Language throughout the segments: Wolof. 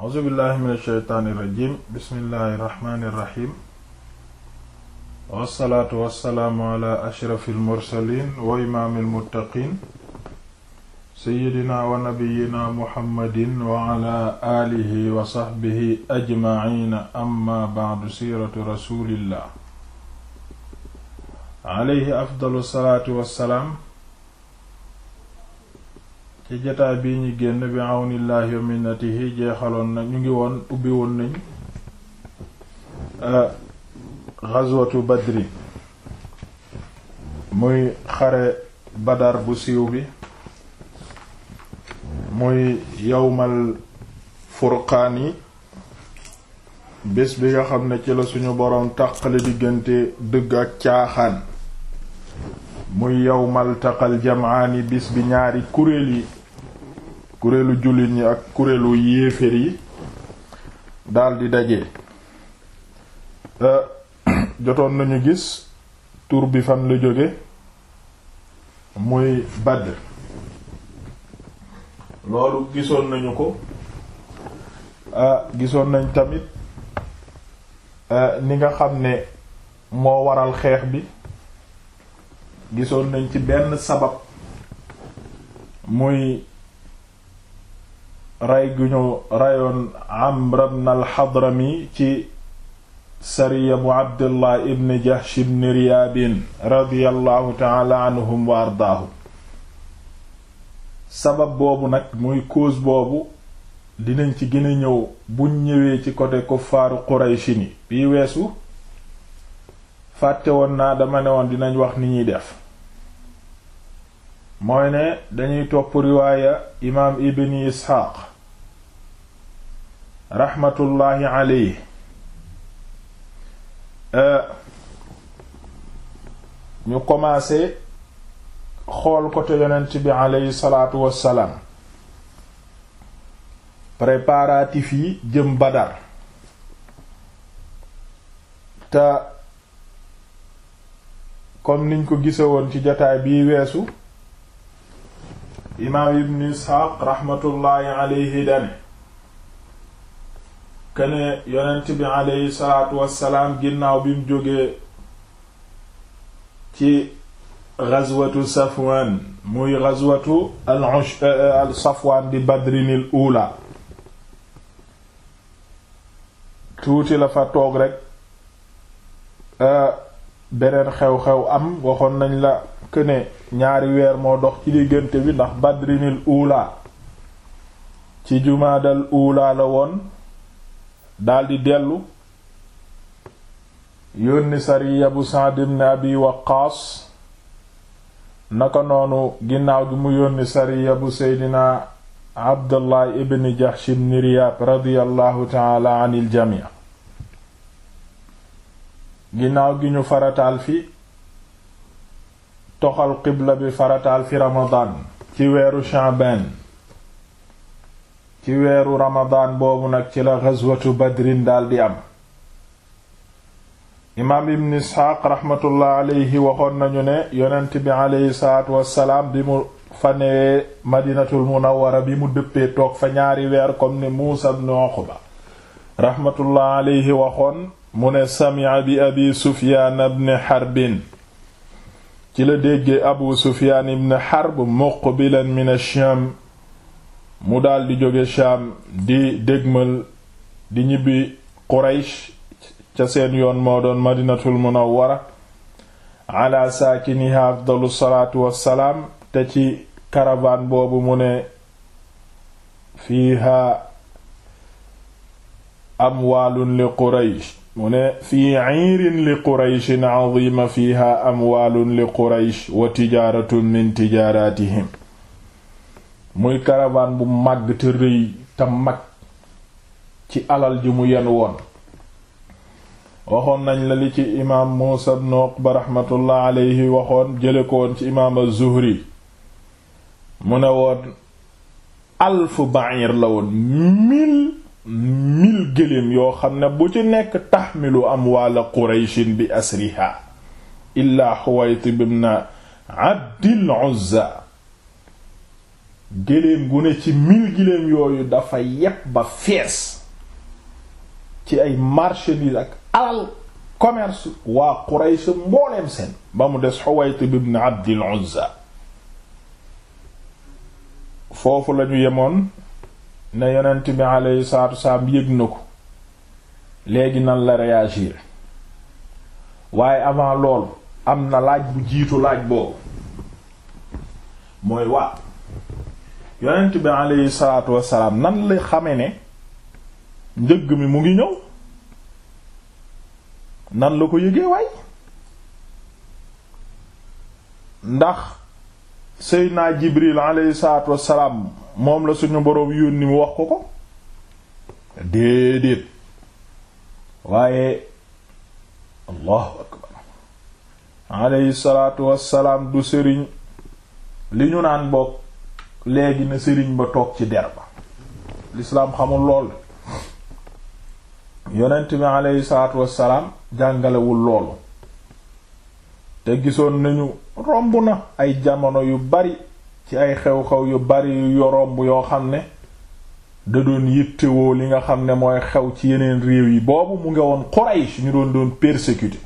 a'uuzu billahi min asheytaani irrajim bismillahi irrahmani irrahim wassalaatu wassalaamu ala ashrafi almursalin wa imaami almuttaqin seyidina wa nabiyina muhammadin wa ala aalihi wa saxbihi ajmaciina amma bacdu siiratu rasulillah alayhi afdalu salaatu wassalaam ci jotaay bii ñu génn bi àwnillaahi wa jeexaloon na ñu ngi woon ubbi woon nañ euh, ghazwatu badri muy xare badar bu siiw bi muy yawmal furqaan yi bés bi nga xam ne ci la suñu boroom tàqale diggante dëgg ak caaxaan muy yawmal taqal jamaani bis bi ñaari kuréel yi kuréelu jullit yi ak kuréelu yéeféer yi daldi daje euh, jotoon nañu gis tur bi fan lu jóge muy Badr loolu gisoon nañu ko euh, gisoon nañ tamit euh, ni nga xam ne moo waral xeex bi gisoon nañ ci benn sabab muy rey gu ñu reyoon Amr ibn al ci sariya bu Abdullah ibn Jahsh ibn Riyaabin radiyallahu ta'ala anhum wa ardaahum sabab boobu nag muy cause boobu dinañ ci gën a ñëw buñ ñëwee ci côté kuffaaru Qurayshini bii weesu fàtte woon naa dama ne woon dinañ wax ni ñuy def mooy ne dañuy topp riwaaya imaam ibn Isxaaq raxmatullaahi alayhi euh, ñu commencé xool côté yonent bi alayhi salaatu wassalaam préparatifs yi jëm Badar te comme niñ ko gise woon ci jataay bii weesu imaam ibn Isxaaq raxmatullaahi alayhi dane kene yonent bi aleyhi salaatu wassalaam ginnaaw bi mu jógee ci ghazwatu safwan muy ghazwatu al eh, eh, safwan di badrinil ula tuuti la fa toog rek eh, beneen xew-xew am waxoon nañ la këne ñaari weer moo dox ci diggante bi ndax badrinil ula ci jumaadal ula la woon daldi dellu yónni sariya bu Sa'd ibn Abi Waqqaas naka noonu ginnaaw gi mu yónni sariya bu seydina Abdullah ibn Jahsh ibn Riyab radiyallahu taala anil jamii ginnaaw gi ñu farataal fi toxal qibla bi farataal fi Ramadan ci weeru Sha'ban ci weeru ramadaan boobu nag ci la ghazwatu badrin daldi am imaam ibn isxaaq raxmatullah waxoon nañu ne yonent bi aleyhi salaatu wassalaam bi mu fa newee madinatul munawwara bi mu dëppee toog fa ñaari weer comme ni muusa ibn uqba raxmatullah waxoon mu ne sami'a bi abi sufyaan ibn harbin ci la déggee abu sufyaan ibn harb muqbilan min ash mu daldi jóge Shaam di dégmal di ñibbi Quraysh ca seen yoon moo doon madinatul munawwara ala saakiniha afdalu salaatu wassalaam te ci caravane boobu mu ne fiiha amwaalun li Quraysh mu ne fii ciirin li Qurayshin cadiima fiiha amwaalun li Quraysh wa tijaaratun min tijaaraatihim muy caravane bu màgg te rëy te mag ci alal ji mu yen woon waxoon nañ la li ci imaam Muusa ibn Uqba waxoon jële ko woon ci imaam az-Zuhri mu ne woon alf ba'ir la woon mille mille yoo xam ne bu ci nekk taxmilu amwaala qurayshin bi asriha illaa Xuwaytib ibn Abdil Uzza géléem gu ne ci mil géléem yooyu dafa yépp ba fees ci ay marchandise ak alal commerce waa Quraysh mbooleem seen ba mu des Huwaytib ibn Abdil Uzza foofu lañu yemoon ne yonent bi alayhi salaatu wasalaam yëg na ko léegi nan la réagir waaye avant lool am na laaj bu jiitu laaj boobu mooy waa yonent bi aleyhi salaatu wassalaam nan la xame ne njëgg mi mu ngi ñëw nan la ko yëgee waay ndax seydna jibril aleyhi salaatu wassalaam moom la suñu boroom yónni mu wax ko ko déedéet waaye allahu akbar aleyhi salaatu wassalaam du sëriñ li ñu naan bokk léegi na sëriñ ba toog ci der lislaam xamul lool yonent bi aleyhi salaatu wassalaam jàngalewul loolu te gisoon nañu romb na ay jamono yu bari ci ay xew-xew yu bari yu romb yoo xam ne da doon yittewoo li nga xam ne mooy xew ci yeneen réew yi boobu mu nga woon Quraysh ñu doon doon persécuté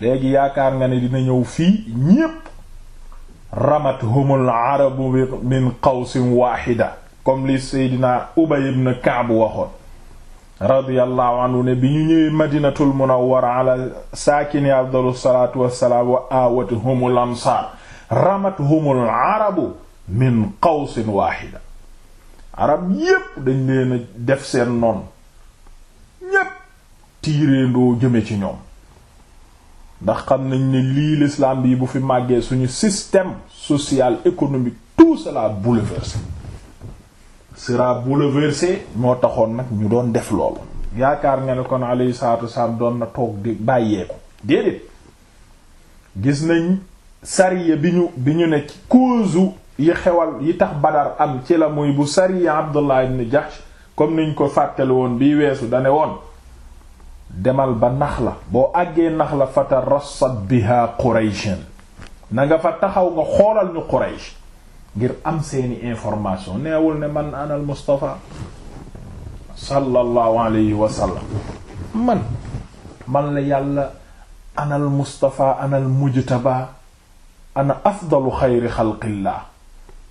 léegi yaakaar nga ne dina ñëw fii ñépp ramathumul arabu min qawsin waahida comme li seydina ubay ibn ka'b waxoon radiyallahu anhu ne bi ñu ñëwee madinatul munawwara ala saakini afdalu salaatu wassalaam wa aawatuhumul ansaar ramathumul arabu min qawsin waahida arab yépp dañ leen def seen noon ñépp tiireendoo jëme ci ñoom ndax xam nañu ni lii l'islam bi bu fi màggee suñu système social économique tout cela bouleversé sera bouleversé moo taxoon nag ñu doon def loolu yaakaar nga ne kon alayhi salatu wassalam doon na toog di bàyyeeku déedéet gis nañ sariya bi ñu bi ñu ne ci cause yi xewal yi tax badar am ci la muy bu sariya Abdullah ibn Jahsh comme niñ ko fàttali woon bii weesu dane woon demal ba nax la boo àggee nax Naxla fatarassad biha Qurayshan na nga fa taxaw nga xoolal ñu Quraysh ngir am seeni information neewul ne man anal Mustafa sallallahu alayhi wa man man la yàlla anal Mustafa anal mujtaba ana afdalu xayri xalqillah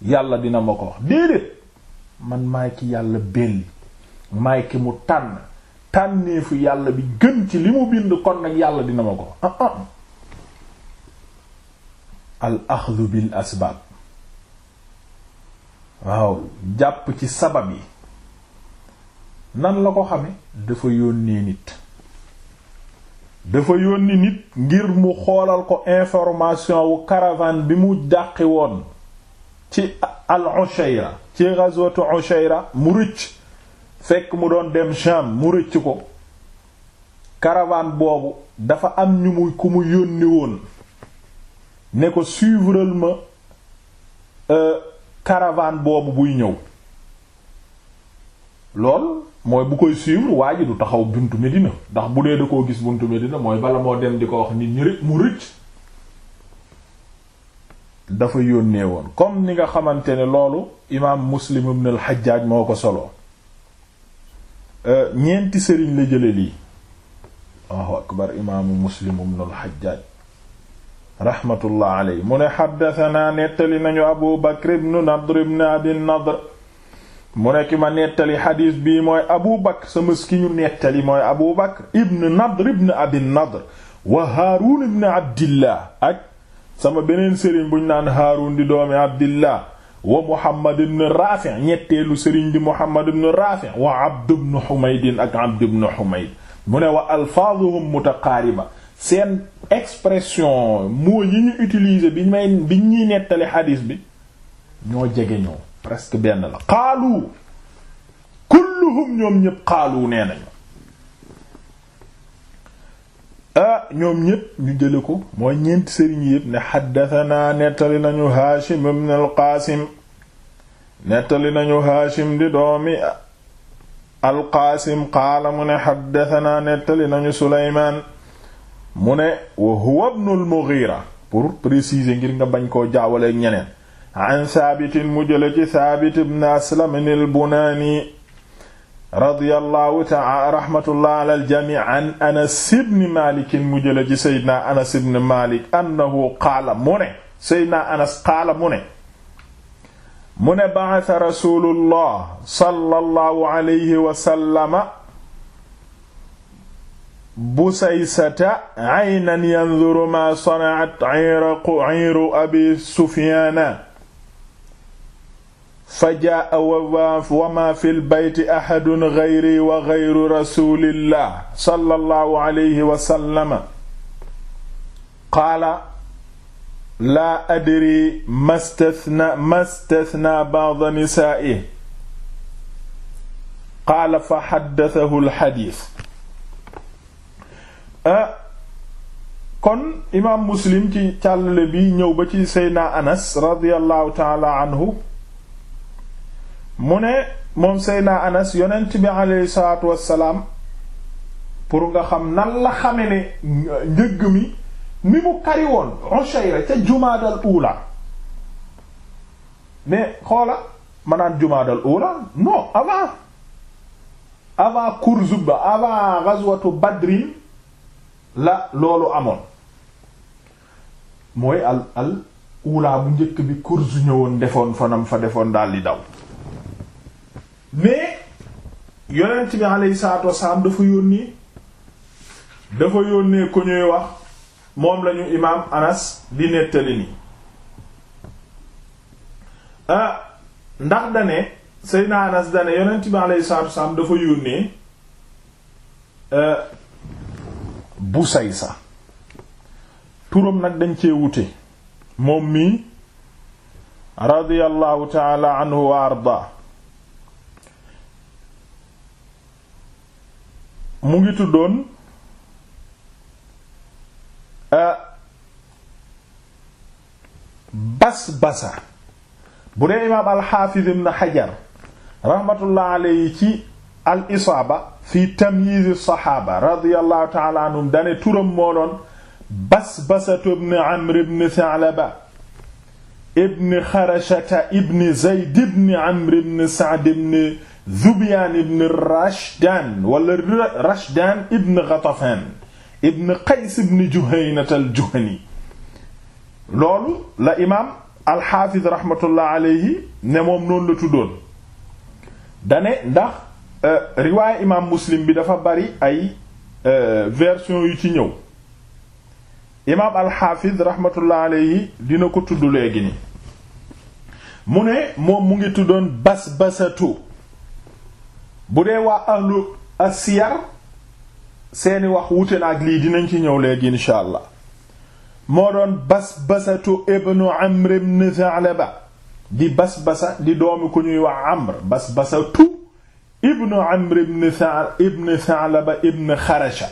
yàlla dina ma ko wax man maay ki yàlla belli maay ki mu tànn tànneefu yàlla bi gën ci li mu bind kon nag yàlla dina ma ko ah, ah. al axdu bil asbaab waaw jàpp ci sabab yi nan la ko xame dafa yónnee nit dafa yónni nit ngir mu xoolal ko information wu caravane bi mu dàqi woon ci al Ushayra ci ghazwatu Ushayra mu rëcc fekk mu doon dem Sham mu rëcc ko caravane boobu dafa am ñu mu ku mu yónni woon ne ko suivral ma karawaan euh, boobu buy ñëw lool mooy bu koy suivre waa ji du taxaw buntu Medina ndax bu dee da koo gis bunt buntu Medina mooy bala moo dem di ko wax nit ñi rëcc mu rëcc dafa yónnee woon comme ni nga xamante ne loolu imaam Muslim ibn al-Hajjaj moo ko solo ñeenti sëriñ la jële lii Allahu akbar imaamu muslim ibn al-Hajjaj rahmatullah aley mu ne xaddatanaa nettali nañu abu bakr ibnu nadr ibn abi nadr mu ne ki ma nettali xadiis mooy abu bakr sama ki ñu beneen sëriñ buñ naan haaruun di doomi abdillah wa Muhammad ibn Rafi ñetteelu sëriñ bi Muhammad ibn Rafi wa Abd ibn Humayd ak Abd ibn Humayd mu ne wa alfaazuhum mutaqaariba seen expression moo yi ñu utiliser bi bi ñuy nettali xadiis bi ñoo jege ñoo presque benn la qaalu kulluhum ñoom ñëpp qaalu nee nañu ah ñoom ñépp ñu jële ko mooy ñeenti sëriñ yépp ne xaddatanaa nettali nañu haashim ibn alqaasim nettali nañu haashim di doomi alqaasim qaala mu ne xaddatanaa nettali nañu suleymaan mu ne wa huwa ibn al pour préciser ngir nga bañ koo jaawale ñeneen an saabitin mu jële ci saabit ibn aslam al-bunaani radiyallahu ta'ala rahmatullah ala al-jami' an anas ibn malik mu jële ci seydina anas ibn malik annahu qaala mu ne seydina anas qaala mu ne mu ne ba'atha rasulullah sallallahu alayhi wa sallama busaysata aynan yanzuru ma sana'at 'ayru abi sufyana fajaa wa ma fil bayti ahadun ghayri wa ghayru rasulillah sallallahu alayhi wa sallam qaala laa adri mastathna mastathna ba'd nisaa'i qaala fa haddathahu al hadith ah, kon imaam muslim ci càllale bi ñëw ba ci seydna anas radiyallahu ta'ala anhu mu ne moom Seydina Anas yonent bi aleyhi salaatu wassalaam pour nga xam nan la xame ne njëgg mi ni mu kari woon Ushayra ca jumaadal uula mais xoola ma naan jumaadal uula non avant avant Kurzuba avant ghazwatu Badrin la loolu amoon mooy al al uulaa bu njëkk bi Kurzu ñëwoon defoon fanam fa defoon daal di daw mais yonent bi alayhi salaatu wasalaam dafa yónnee dafa yónnee ku ñuy wax moom lañu imaam Anas di nettali ni ah ndax dane Seydina Anas dane yonent bi alayhi salaatu wasalaam dafa yónnee ah, Busaysa turam nag dañ cee wute moom mii radiyallahu taala anhu wa arda mu ngi tuddoon euh, basbasa bu dee imaam alxaafiz ibn xajar rahmatullah alayhi ci al isaaba fi tamyiz saxaaba radiyallahu taala anhum dane turam moo doon basbasatu ibn amr ibn sa'laba ibn xarashata ibn zayd ibn amr ibn sa'd ibn Zubyaan ibn Rashdaan wala Rashdaan ibn Ghatafaan ibn Qays loolu la imaam al rahmatullah alayhi ne moom noonu la tuddoon dane ndax euh, riwaayu imaam Muslim bi dafa bari ay euh, version yu ci ñëw imaam al-Hafiz rahmatullah alayhi dina ko tudd léegi ni mu ne moom mu ngi tuddoon Basbasatu bu dee waa ahlu asiyar seeni wax wuute na ak lii dinañ ci ñëw léegi insha allah moo doon basbasatu ibnu amr ibn Tha'laba di basbasa di doomi ku ñuy wax amr basbasatu ibnu amr ibn Tha'laba ibn Tha'laba ibn Kharasha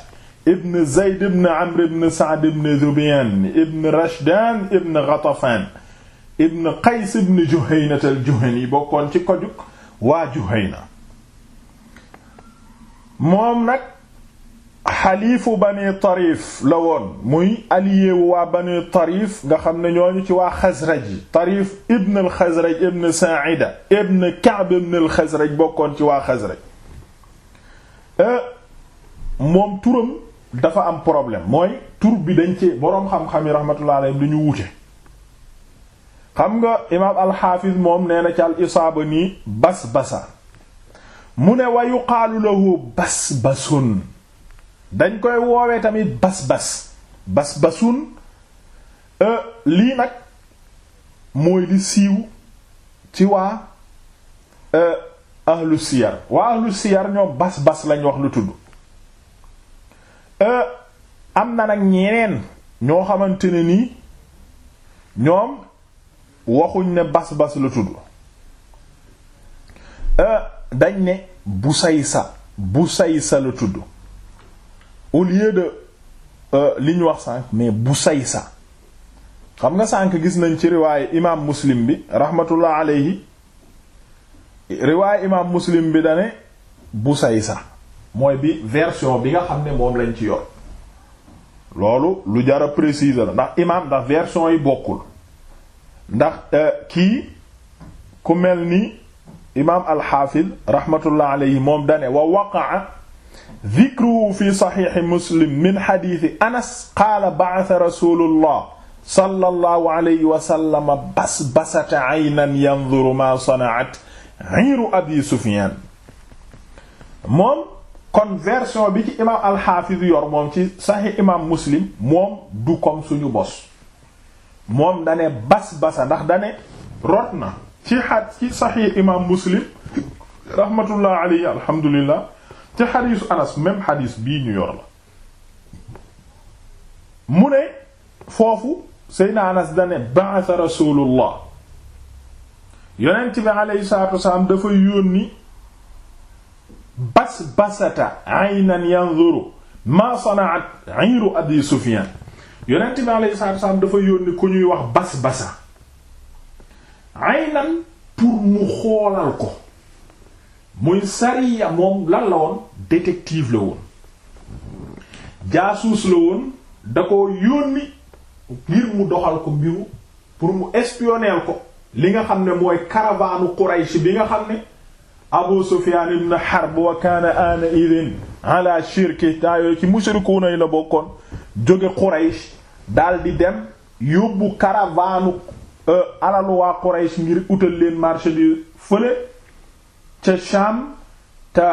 ibn Zayd ibn Amr ibn Sa'd ibn Dhubyan ibn Rashdan ibn Ghatafan ibn Qays ibn Juhaynat al-Juhani bokkoon ci kojuk waa Juhayna moom nag xaliifu bani tarif la woon muy allié waa bani tarif nga xam ne ñooñu ci waa xasraj yi tarif ibn al xasraj ibn sa'ida ibn ka'b ibn al xasraj bokkoon ci waa xasraj euh, moom turam dafa am problème mooy tur bi dañ ci boroom xam-xam yi rahmatullah alayhim ñu wuute xam nga imaam alxaafiz moom nee na ci al isaaba nii bas basa mu ne wa yuqaalu lahu basbasun dañ koy woowee tamit basbas basbasun euh, lii nag mooy li siiw ci waa euh, ahlu siyar waa ahlu siyar ñoom basbas lañ wax lu tudd euh, am na nag ñeneen ñoo xamante ne nii ñoom waxuñ ne basbas lu tudd dañ ne bu say Busaysa Busaysa la tudd au lieu de euh, li ñu wax sànq mais bu say Busaysa xam nga sànq gis nañ ci riwaaye imaam muslim bi rahmatullah alayhi riwaaye imaam muslim bi dane Busaysa mooy bi version bi nga xam ne moom lañ ci yor loolu lu jara préciser la ndax imaam ndax version yi bokkul ndax euh, kii ku mel ni imaam alxaafid rahmatullah alayhi moom dane wa waqaa dikruhu fi saxiixi muslim min xadiisi anas qaala ba'atha rasuulullah sallallahu alayhi wa sallam basbasata aynan yanzuru maa sana'at iiru abi sufyaan moom kon version bi ci imaam alxaafid yor moom ci saxiix imaam muslim moom du comme suñu bos moom dane bas basa ndax dane rot na ci xad ci saxiix imaam muslim rahmatullah alayhi alhamdulilah ci xadiisu anas même xadiis bii ñu yor la mu ne foofu seydna anas dane ba'atha rasulullah yonent bi alayhi salaatu wasalaam dafa yónni bas basata aynan yanzuru ma sana'at ayru abi sufyan yonent bi alayhi salaatu wasalaam dafa yónni ku ñuy wax bas aynan pour mu xoolal ko muy sariya moom lan la woon détective la woon jaasuus la woon da ko yónni ngir mu doxal ko mbiru pour mu espionner ko li nga xam ne mooy caravane Quraysh bi nga xam ne Abu Sufyan ibn Harb wa kana ana idin shirki taa ci mushrikuuna yi la bokkoon jóge Quraysh daal di dem yóbbu caravane Euh, alalu waa Quraysh ngir utal leen marché bi fële ca Sham te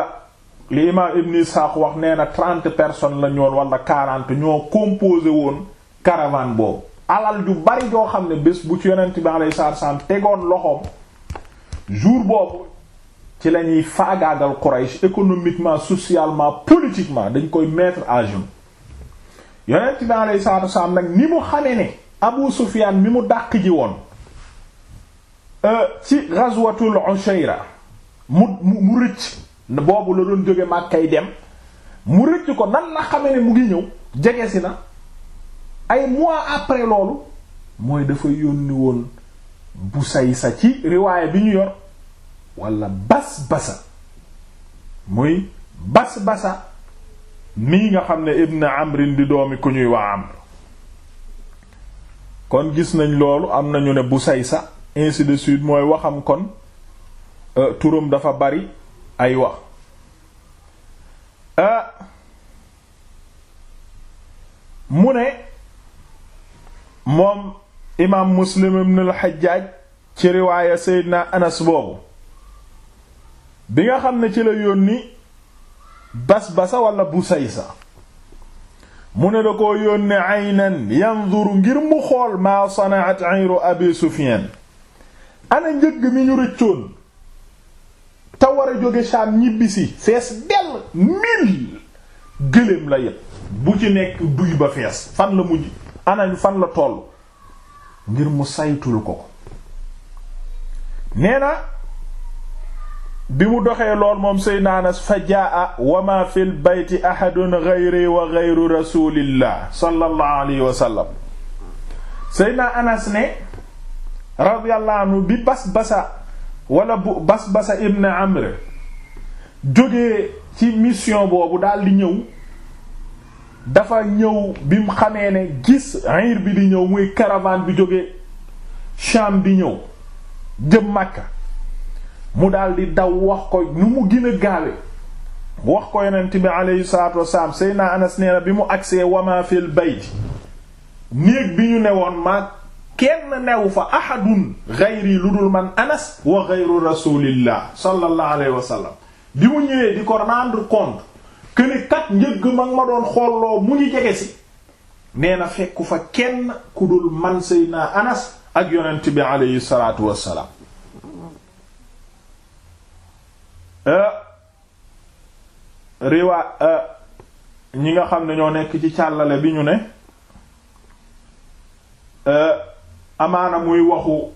li imaam Ibn Ishaq wax nee na trente personnes la ñoon wala quarante ñoo composé woon caravane boobu alal ju bari joo xam ne bés bu ci yonent bi alayhi salaatu salaam tegoon loxoom jour boobu ci la ñuy faagaagal Quraysh économiquement socialement politiquement dañ koy mettre à jour yonent bi alayhi salaatu salaam nag ni mu xamee ne Abu Sufyaan mi mu dàq ji woon euh, ci ghazwatul Ushayra mu mu rëcc boobu la doon jóge Màkkay dem mu rëcc ko nan la xamee ne mu ngi ñëw jege si na ay mois après loolu mooy dafay yónni woon bu say sa ci riwaaya bi ñu yor walla bas basa muy bas basa mii nga xam ne ibn amrin di doomi ku ñuy waa amr kon gis nañ loolu am nañu ne Busaysa ainsi de suite mooy waxam kon euh, turam dafa bari ay wax a euh, mu ne moom imaam Muslim ibn al-Hajjaj ci riwaaya Seydina Anas boobu bi nga xam ne ci la yónni bu say Busaysa mu ne da koo yónne aynan yanzuru ngir mu xool maa sanaat ayru abi sufyan ana njëgg mi ñu rëccoon te war a jóge Sham ñibbisi fees dell mil gëléem la yépp bu ci nekk duy ba fees fan la mujj ana fan la toll ngir mu saytul ko ko nee na bi mu doxee lool moom Seydina Anas fa jaa wa ma fil bayti ahadun ghayri wa ghayru rasulillah sallallahu wa sallam Seydina Anas ne radiyallahu anhu bi Basbasa wala bu Basbasa ibn Amr jógee ci mission boobu daal di ñëw dafa ñëw bi mu xamee ne gis ayir bi di ñëw muy caravane bi jóge Sham di ñëw jëm Makka mu daldi daw wax ko nu mu gën a gaawe wax ko yonent bi aleyhi salaatu wasalaam Seydina Anas nee bi mu agsee wama fil néeg bi ñu newoon ma kenn newu fa ahadun gayri lu dul man Anas wa gayru rasulillah sallallahu alayhi wa sallam bi mu ñëwee di ko rendre compte que kat njëgg mag ma doon xoolloo mu ñu jege si nee fekku fa kenn ku dul man Seydina Anas ak yonent bi aleyhi salaatu wasalaam Euh, riwaa euh, ñi nga xam ne ñoo nekk ci càllale bi ñu ne euh, amaana muy waxu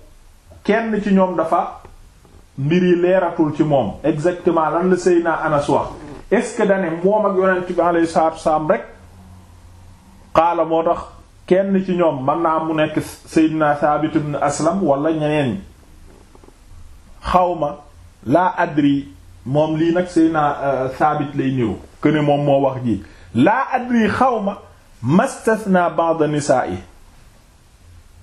kenn ci ñoom dafa mbir yi leeratul ci moom exactement lan la Seydina Anas wax est-ce que dane moom ak yonent bi alayhi salaatu rek xaala moo tax kenn ci ñoom mën naa mu nekk Seydina Saabit ibn Aslam walla ñeneen xawma laa adri moom lii nag sëy naa euh, saabit lay ñëw këne moom moo wax ji laa xaw ma adri naa mastasna ba'd yi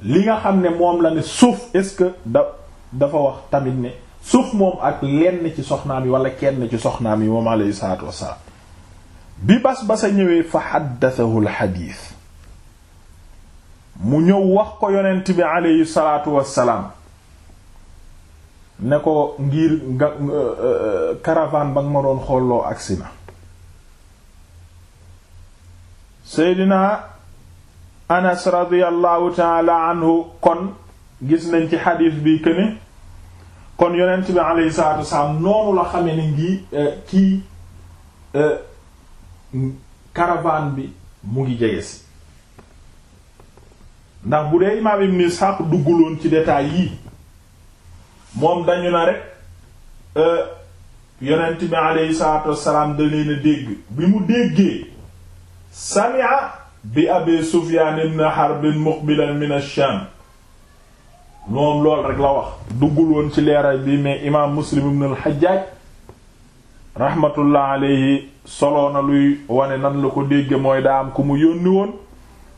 li nga xam ne moom la ne suuf est-ce que dafa wax tamit ne suuf moom ak lenn ci soxnaam yi walla kenn ci soxnaam yi moom alayhi salaatu wassalaam bi bas basa ñëwee fa xaddatahul xadiis mu ñëw wax ko yonent bi alayhi salaatu wassalaam ne ko ngir nga euh, euh, caravane ba nga ma doon xolloo agsi na seydina anas radiyallahu taala anhu kon gis nañ ci xadiis bi këne kon yonent bi alayhi salaatu wasalaam noonu la xame ne ngi euh, kii caravane bi mu ngi jege si ndax bu dee imaam ibn dugg dugguloon ci détail yi moom dañu na rek euh, yonent bi aleyhi salaatu wassalaam da leen dégg bi mu déggee sami'a bi abi sufyaan ibn harb muqbilan min ash moom loolu rek la wax duggul woon ci leeral bi mais imaam muslim ibn al-hajjaj rahmatullah alayhi soloo na luy wane nan la ko dégge mooy daa am ku mu yónni woon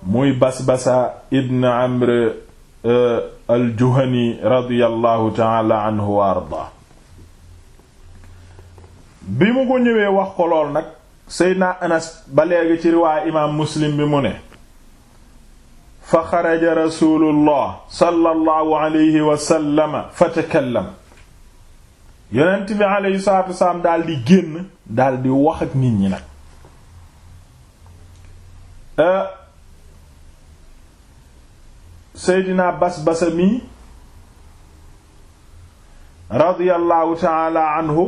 muy bas basa ibn amr Euh, aljuhani radiyallahu taala anhu wa arda bi mu ko ñëwee wax ko lool nag seydna anas ba léegi ci riwaaya imaam muslim bi mu ne fa xaraja rasulullah sallallahu alayhi wa sallama fa takallama yonent bi di génn daal di wax ak nit ñi nag euh, seydina basbasa mi radiyallahu taala anhu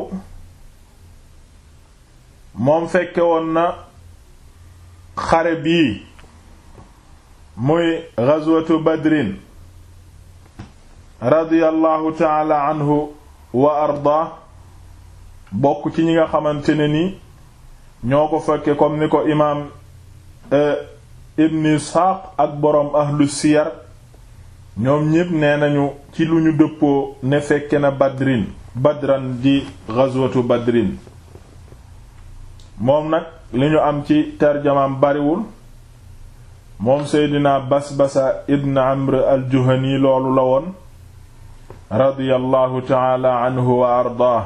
moom fekke woon na xare bi muy ghazwatu badrin radiyallahu taala anhu wa arda bokk ci ñi nga xamante ne ni ñoo ko fekke comme ni ko imaam eh, ibn isxaaq ak boroom ahlu siyar ñoom ñépp nee nañu ci lu ñu dëppoo ne fekke na badrin badran di ghazwatu badrin moom nag li ñu am ci tarjamaam bariwul moom seydina basbasa ibn amr al-juhani loolu la woon radiyallahu taala anhu wa ardaah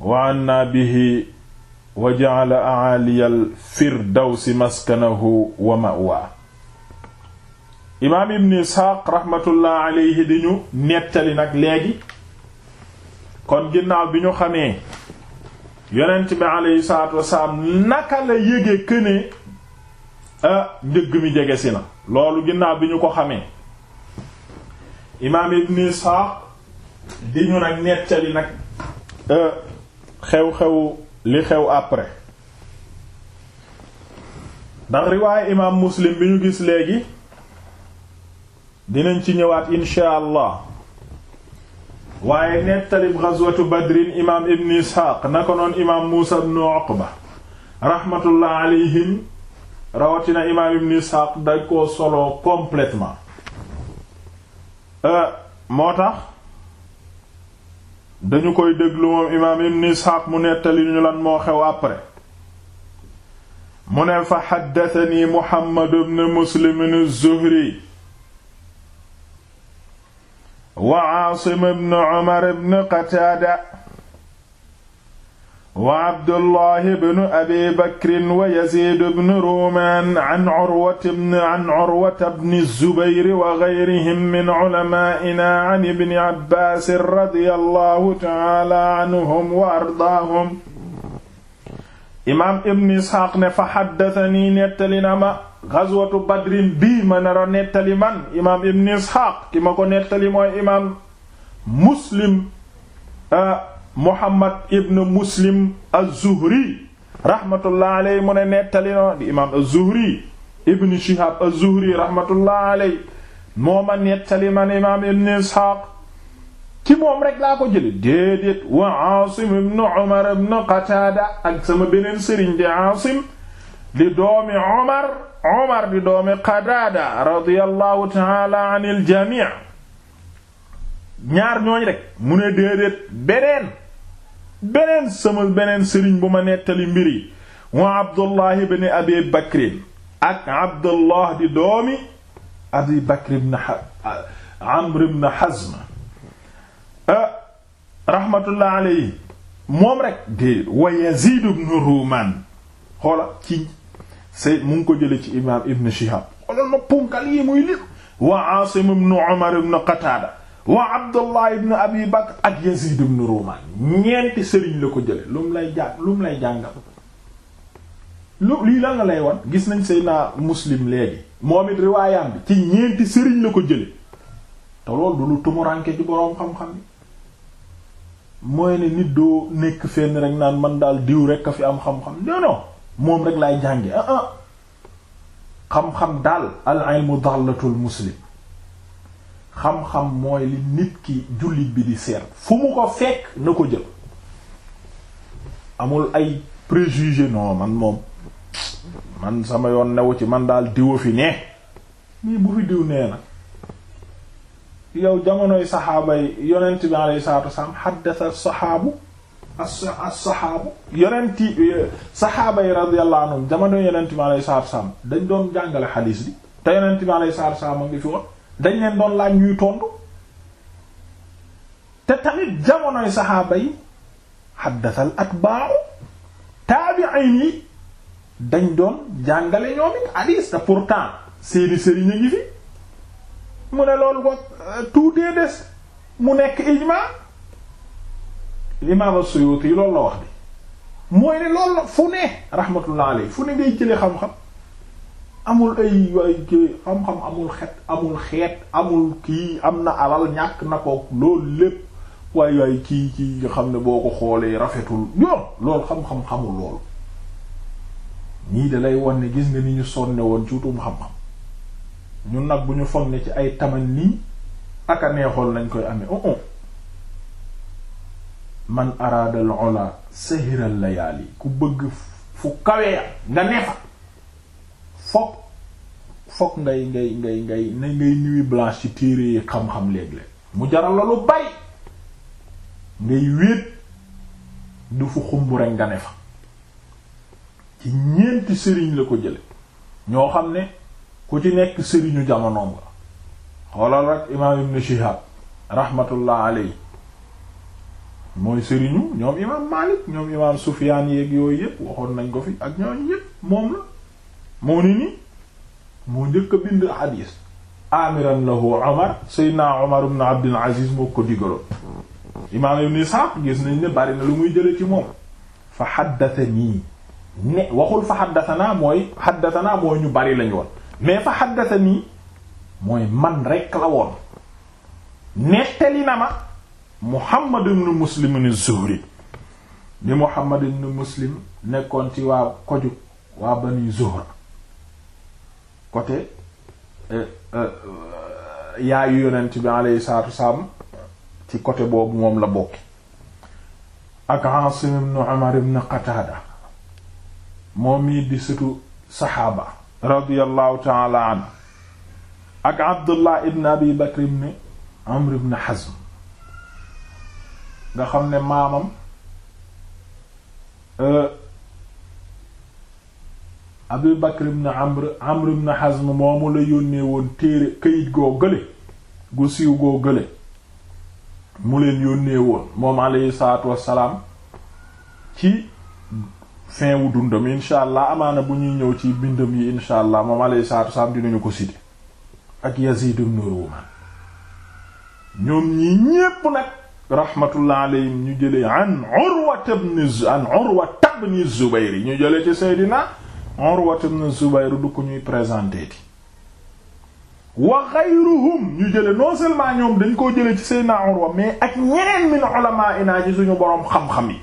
wa anna bihi wa ja'ala a'aliyal firdawsi maskanahu wa ma'waa imaam ibn isxaaq rahmatullah alayhi di ñu nettali nag léegi kon ginnaaw bi ñu xamee yonent bi alayhi salaatu wasalaam naka la yége këne ah, njëgg mi jege si na loolu ginnaaw bi ñu ko xamee imaam ibn isxaaq di ñu nag nettali nag ah, xew-xew li xew après ndax riwaaye imaam muslim bi ñu gis léegi dinañ ci ñëwaat inshaa allah waaye nettalib ghazwatu badrin imaam ibn isxaaq na ko noon imaam muusa ibnu uqba rahmatullah alayhim rawatina imaam ibn isxaaq dañ koo solo complètement euh, moo tax dañu koy déglu moom imaam ibn isxaaq mu nettali ñu lan moo xew après mu ne fa xaddatani muhammad ibn muslim zuhri wa Aasim ibn Umar ibn Qataada wa Abdullah ibn Abi Bakr wa Yaziid ibn Ruumaan an Urwata ibn an Urwata ibn Zubayr wa ghayrihim min ulamaa'inaa an Ibn Abbaas radiyallahu ta'aala anhum wa ardaahum imaam Ibn Isxaaq ne fa haddathanii nettali na ma gazwatu badrin bii ma nar nettali man imaam ibn isxaaq ki ma ko nettali mooy imaam muslim ah, muhammad ibn muslim az-zuhri rahmatullah aley nettali no imaam ibn shihab az-zuhri rahmatullah aley moo ma nettali man imaam ibn isxaaq ci moom rek laa ko jële déedéet wa aasim ibn umar ibn qataada ak sama beneen sëriñ di aasim di doomi umar Omar di doomi Qadaada radiyallahu taala anil jamii rek mu ne déedéet beneen beneen sama beneen sëriñ bu ma nettali mbir yi wa Abdullah ibn Abi Bakrin ak Abdullah di doomi Abi Bakr ibn Amr ibn Hazm ah, rahmatullah alayhi moom rek déedéet wa Yazid ibn Ruman say mu ngi ko jële ci imam ibn Shihab xoolal ma punkal yi muy lim wa Asim ibn Umar ibn Qatada wa Abdullah ibn Abi Bakr ak Yazid ibn Ruman ñeenti sëriñ la ko jële lu mu lay jàng lu mu lay jàngal lu lii la nga lay wan gis nañ Seydina Muslim léegi moom it riwaayam bi ci ñeenti sëriñ la ko jële te loolu du lu tumuranke ci boroom xam-xam ni mooy ne nit doo nekk fenn rek naan man daal diw rek a fi am xam-xam non moom rek lay jànge ah, ah xam-xam daal al mu dallatul muslim xam-xam mooy li nit ki jullit bi di seet fu mu ko fekk na ko jël amul ay préjugé non man moom man sama yoon newu ci man daal diwa fi ne nii bu fi diw nee na yow jamonoy saxaaba yi yonent bi alayhi salaatu wasalaam xaddasa saxaabu as-saxaabu yonenti eh, saxaaba yi radiyallahu anhum jamono yonenti mi alayhi salaatu salaam dañ doon jàngale xadiis bi te yonenti mi alayhi salaatu salaam a ngi fi woon dañ leen doon laaj ñuy te tamit jamonoy saxaaba yi xaddatal atbaaru taabi'iin yi dañ doon jàngale ñoom it xadiis te pourtant seeni sëriñ a ngi mu ne loolu boo eh, tuutee des mu nekk ijmaa imaam as-Suyuti yi loolu la wax bi mooy ne loolu la fu ne rahmatullah alayhi fu ne ngay jëlee xam-xam amul ay ay xam-xam amul xet amul xeet amul kii am na alal ñàkk na ko loolu lépp waaye waaye kii kii nga xam ne boo ko xoolee rafetul yoon loolu xam-xam xamul loolu ñii de lay wan ne gis nga ni ñu sonne woon ci wutum xam-xam ñun nag bu ñu foog ne ci ay taman nii aka neexoon lañ koy amee man araadal ola sahiral layaali ku bëgg fu kawee nga nefa fokk fokk ngay ngay ngay ngay na ngay blanche ci téere yi xam-xam léeg-léeg mu jaral la lu bay ngay wéet du fu xumb rek nga ne fa ci ñeenti sëriñ la ko jële ñoo xam ne ku ci nekk sëriñu jamonoom nga xoolal rek imaam ibn Shihab rahmatullah alayhi mooy sëriñu ñoom imaam Maalik ñoom imaam Sufyaan yeeg yooyu yëpp waxoon nañ ko fi ak ñooñu yëpp moom la moo ni nii moo njëkk a bind xadiis amiran lahu Omar Seydina Omar ibn Abdul Aziz moo ko digaloon imaam Ibn Isxaaq gis nañ ne bari na lu muy jële ci moom fa xaddatanii ne waxul fa xaddatanaa mooy xaddatanaa mooy ñu bari lañu woon mais fa xaddatanii mooy man rekk la woon nettali na ma Muhammad ibn Muslim ibn Zuhri bi Muhammad ibn Muslim nekkoon ci waa koju waa Bani Zuhra côté eh, eh, yaayu yonent bi alayhi salaatu wasalaam ci côté boobu moom la bokki ak Asim ibn Umar ibn Qatada moom yi di sëtu saxaaba radiyallahu ta'ala anhu ak Abdullah ibn Abi Bakr ibn Amr ibn Hazm nga xam ne maamam euh, Abu Bakr ibn Amr Amr ibn Hazm moomu la yónnee woon téere këyit goo gële gu siiw goo gële mu leen yónnee woon moom aleyhi salaatu wassalaam ci fin wu dundam incha allah amaana bu ñuy ñëw ci bindam yi incha allah moom aleyhi salaatu wassalaam dinañu ko cité ak Yazid ibn Ruman ñoom ñi ñépp nag rahmatullah alayhim ñu jëlee an Urwa ibn an Urwa ibn Zubayr ñu jëlee ci Seydina Urwa ibn Zubayr du ko ñuy présenté ti wa ghayruhum ñu jëlee non seulement ñoom dañ koo jëlee ci Seydina Urwa mais ak ñeneen min ulamaa'inaa ci suñu boroom xam-xam yi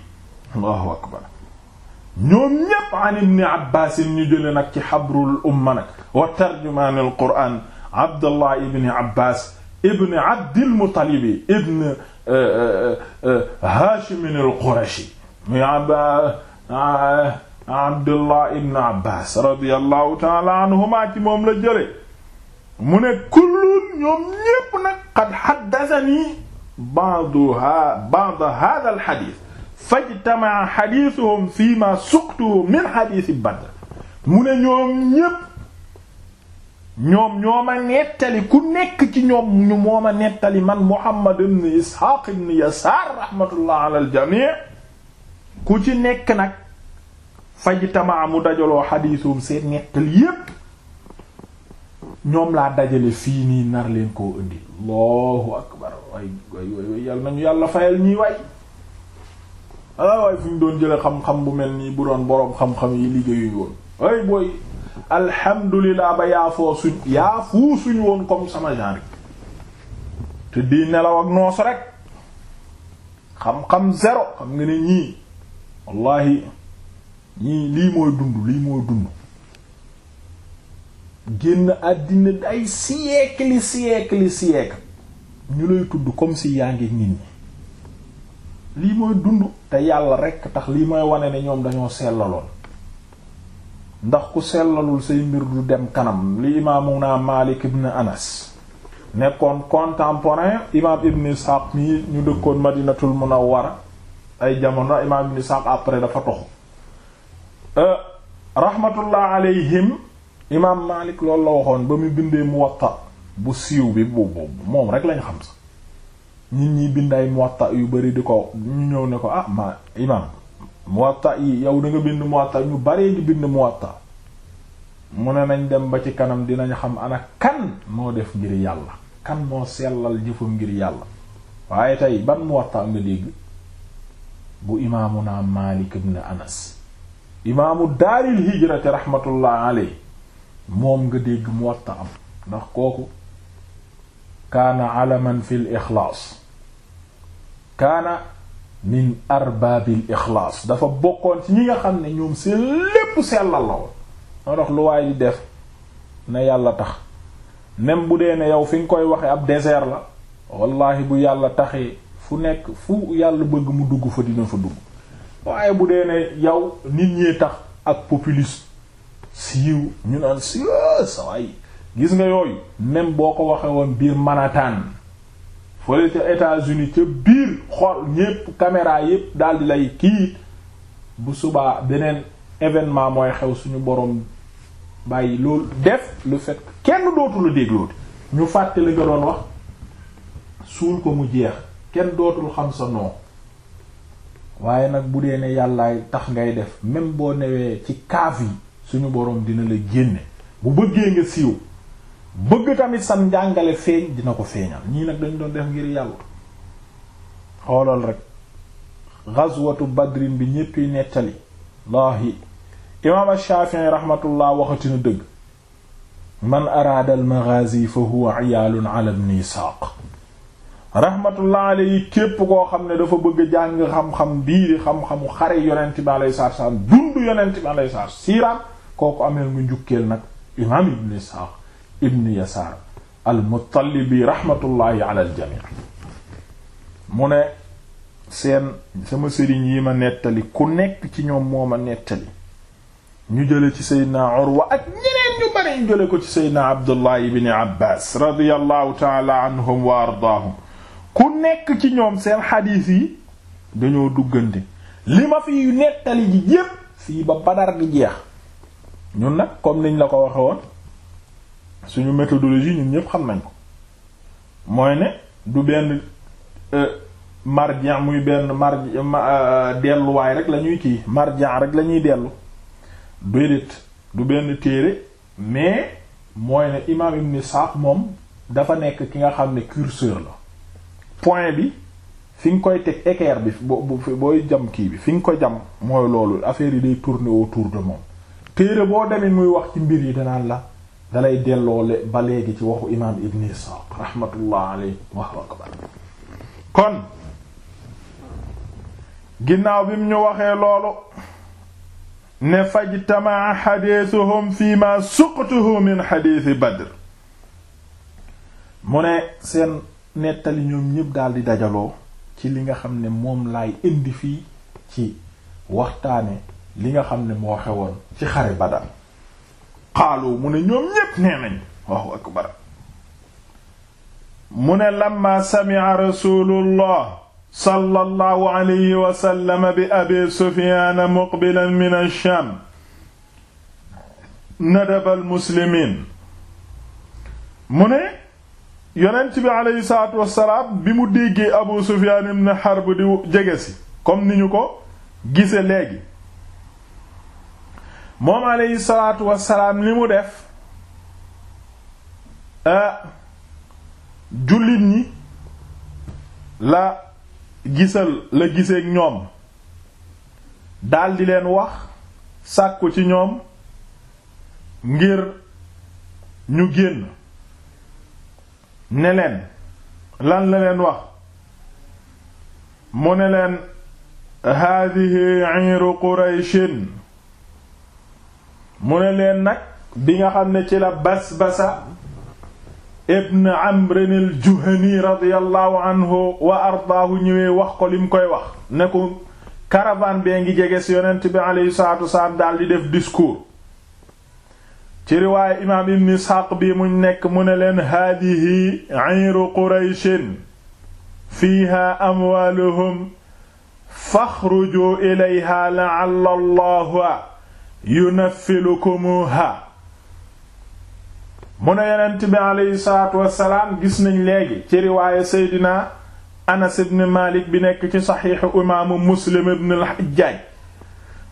Allahu akbar ñoom ñépp an ibn Abbaas ñu jëlee nag ci habrul umma nag wa tarjumaanul Qur'aan Abdullah ibn Abbaas ibn Abdil Muttalib ibn Haashim al-Qurashi muy aba Abdullah ibn Abbas radiyallahu ta'ala anhuma ci moom la jële mu ne kullun ñoom ñépp nag qad haddathani ba'duha ba'd hadha al-hadith fajtama'a hadithuhum fima suqtuhu min hadith Badr mu ne ñoom ñépp ñoom ñoo ma nettali ku nekk ci ñoom ñu moo ma nettali man Muhammad ibn Ishaq ibn Yasaar rahmatullah ala jamii ku ci nekk nag faj tamaa mu dajaloo xadiisum seen nettali yépp ñoom laa dajale fii nii nar leen koo indi allahu akbar waay waay waay yàlla nañu yàlla fayal ñii waay ah, fu ñu doon jële xam-xam bu mel nii bu doon boroom xam-xam yi liggéeyuñ woon ay booy alhamdulilah ba yaafoo suñ yaafuu suñ woon comme sama genre te di nelaw ak noos rek xam-xam zéro xam nga ne ñii wallahi ñii lii mooy dund lii mooy dund génn àddina ay siècle siècle siècle ñu lay tudd comme si yaa ngi nit ñi lii mooy dund te yàlla rekk tax lii mooy wane ne ñoom dañoo sellaloon ndax ku sellalul say mbir du dem kanam li imaamu naa Malik ibn Anas nekkoon contemporain imaam ibn Ishaq mii ñu dëkkoon Madinatul war ay jamono imaam ibn Ishaq après dafa tox euh, rahmatullah alayhim imaam Malik loolu la waxoon ba mu bindee Muwatta bu siiw bi boobu moom rek lañ xam sax nit ñi bind ay Muwatta yu bari di ko ñu ñëw ne ko ah ma imaam muwatta yi yow da bind muwatta ñu baree di bind muwatta mu ne nañ dem ba ci kanam dinañ xam ana kan moo def ngir yàlla kan moo sellal jëfam ngir yàlla waaye tey ban muwatta nga dégg bu imaamuna Maalik ibn Anas imaamu daaril hijrati rahmatullah moom nga dégg muwatta am ndax kooku kaana alaman fil ixlaas kaana min arbaabil ixlaas dafa bokkoon ci ñi nga xam ne ñoom seen lépp sellal la woon moo tax lu waay di def na yàlla tax même bu dee ne yow fi nga koy waxe ab désert la wallahi bu yàlla taxee fu nekk fu yàlla bëgg mu dugg fa dina fa dugg waaye bu dee ne yow nit ñee tax ak populiste siiw ñu naan siiw sa waay gis nga yooyu même boo ko waxee woon biir Manhattan fële ca états ca biir xool ñépp caméra yépp daldi lay kii bu subaa beneen événement mooy xew suñu boroom bàyyi loolu def lu fait que kenn dootu la déglooti ñu fàtte li nga doon wax suul ko mu jeex kenn dootul xam sa noo waaye nag bu dee ne yàllaay tax ngay def même boo newee ci kaaf yi suñu borom dina la génne bu bëggee nga siiw bëgg tamit sam njàngale feeñ dina ko feeñal ñii nag dañ doon def ngir yàlla xoolal rek ghazwatu badrin bi ñépp nettali laahi imaam Shaafi'i rahmatullah waxati na dëgg man araada al fa huwa iyaalun ala ibn Isaaq rahmatullah alayhi képp koo xam ne dafa bëgg jàng xam-xam bii di xam-xamu xare yonent bi alayhi salaatu dund yonent bi alayhi salaatu siiraam kooku ameel nga njukkeel nag imaam ibn Isaaq ibn yasaar almuttalibi raxmatullaahi ala aljamii mu ne seen sama sëriñ yi ma nettali ku nekk ci ñoom moo ma nettali ñu jële ci seydna urwa ak ñeneen ñu bari ñu jële ko ci seydna abdullah ibn abbas radiallahu taala anhum wa ardaahum ku nekk ci ñoom seen xadiis yi dañoo duggante li ma fi nettali ji yépp fii ba badar gi jeex ñun nag comme niñ la ko waxe suñu méthodologie ñun ñépp xam nañ ko mooy ne du benn euh, marja muy benn marja euh, euh, delluwaay rek la ñuy kii marja rek la ñuy dellu déedéet du benn téere mais mooy ne imaam ibn Isaaq moom dafa nekk ki nga xam ne curseur la point bi fi nga koy teg équerre bi boo booy jam kii bi fi nga ko jam mooy loolu affaire yi day tourner autour de moom téere boo demee muy wax ci mbir yi danaan la dalay delloole ba léegi ci waxu imaam ibn Isaaq rahmatullah alayhi kon ginnaaw bi mu ñu waxee loolu ne fajtamaa xadiisuhum fi ma suqtuhu min xadiisi Badr mu ne seen nettali ñoom ñëpp daldi dajaloo ci li nga xam ne moom lay indi fii ci waxtaane li nga xam ne moo xewoon ci xare Badr xaalu mu ne ñoom ñépp nee nañ waaw akbar mu ne lamma sami'a rasulullah sallallahu alayhi wa bi abi sufyaan muqbilan min ash-shaam nadaba al-muslimiin mu ne yonent bi salaatu wassalaam bi mu déggee abu sufyaan ibn harb di jege si ni ñu ko gise léegi moom aleyhi salaatu wasalaam li mu def euh, jullit ñi la gisal la giseek ñoom daldi leen wax sàkku ci ñoom ngir ñu génn ne leen lan la leen wax mu ne leen haadihi iiru qurayshin mu ne leen nag bi nga xam ne ci la basbasa ibn amrin al juhani anhu wa ardaahu ñëwee wax ko lim koy wax ne ko caravane bee ngi jege si yonent bi aleyhi salatu wasalaam daal di def discours ci riwaaye imaam ibn isxaaq bi mu nekk mu ne leen haadihi iiru qurayshin fiiha amwaaluhum faxrujuu ilayha la'alla allah yunaffilukumuha mu ne yonent bi aleyhi salaatu wassalaam gis nañ léegi ci riwaaya seydina anas ibn malik bi nekk ci saxiixu imaamu muslim ibn al-hajjaaj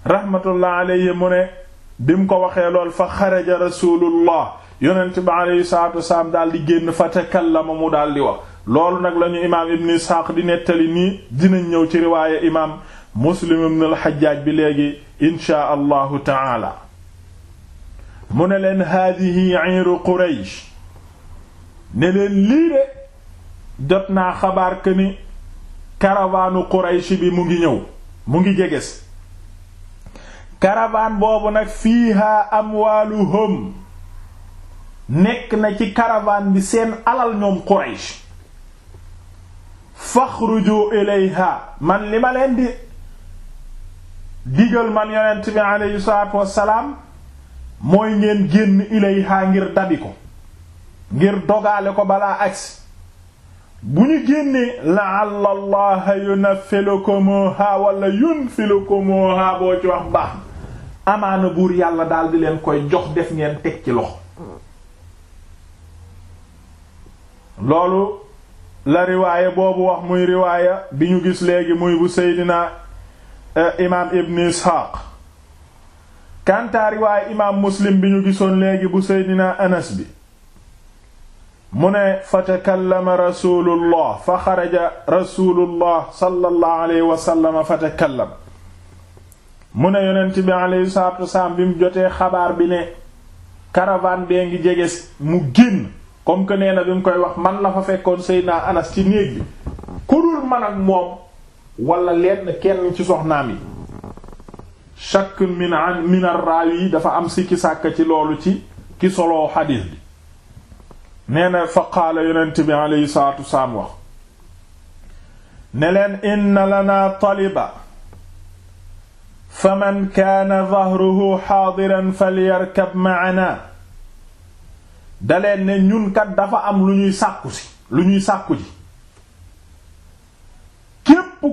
rahmatullah aleyhi mu ne bi mu ko waxee lool fa xaraja rasulullah yonent bi aleyhi salaatu wassalaam daal di génn fa takallama mu daal di wax loolu nag lañu imaam ibn isxaaq di nettali nii dina ñëw ci riwaaya imaam muslim ibn al-Hajjaj bi léegi inchaa allahu taala mu ne leen haadihi iiru Quraysh ne leen lii de jot naa xabaar que ni karawaanu Quraysh bi mu ngi ñëw mu ngi jeges karawaan boobu nag fiiha amwaaluhum nekk na ci karawaan bi seen alal ñoom Quraysh faxruju ilayha man li ma leen di digal man yonent bi aleyhi mooy ngeen génn ilayha ngir dabi ko ngir dogaale ko balaa agsi bu ñu génnee la'alla allaha yunaffilukumoha wala yunfilukumoha boo ci wax baax amaana buur yàlla daal di leen koy jox def ngeen teg ci loxo loolu la riwaaya boobu wax muy riwaaya bi ñu gis léegi muy bu seydina Eh, imaam ibn isxaaq kantaa riwaaye imaam muslim bi ñu gisoon léegi bu seydina anas bi mu ne fa takallama fa xaraja rasulullah sallallahu alayhi fa takallam mu ne yonent bi alayhi bi mu jotee xabaar bi ne caravane bee ngi jege mu génn comme que nee na bi koy wax man la fa fekkoon seydina anas ci néeg bi ku man ak moom wala lenn kenn ci soxnaam yi shakk min min ar yi dafa am sikki sàkk ci loolu ci ki soloo xadiis bi nee na fa qaala yonent bi aleyhi salaatu wasalaam wax ne leen inna lanaa taliba fa man kaana dahruhu xaadiran falyarkab ma'ana da leen ne ñun kat dafa am lu ñuy sàqu si lu ñuy sàkku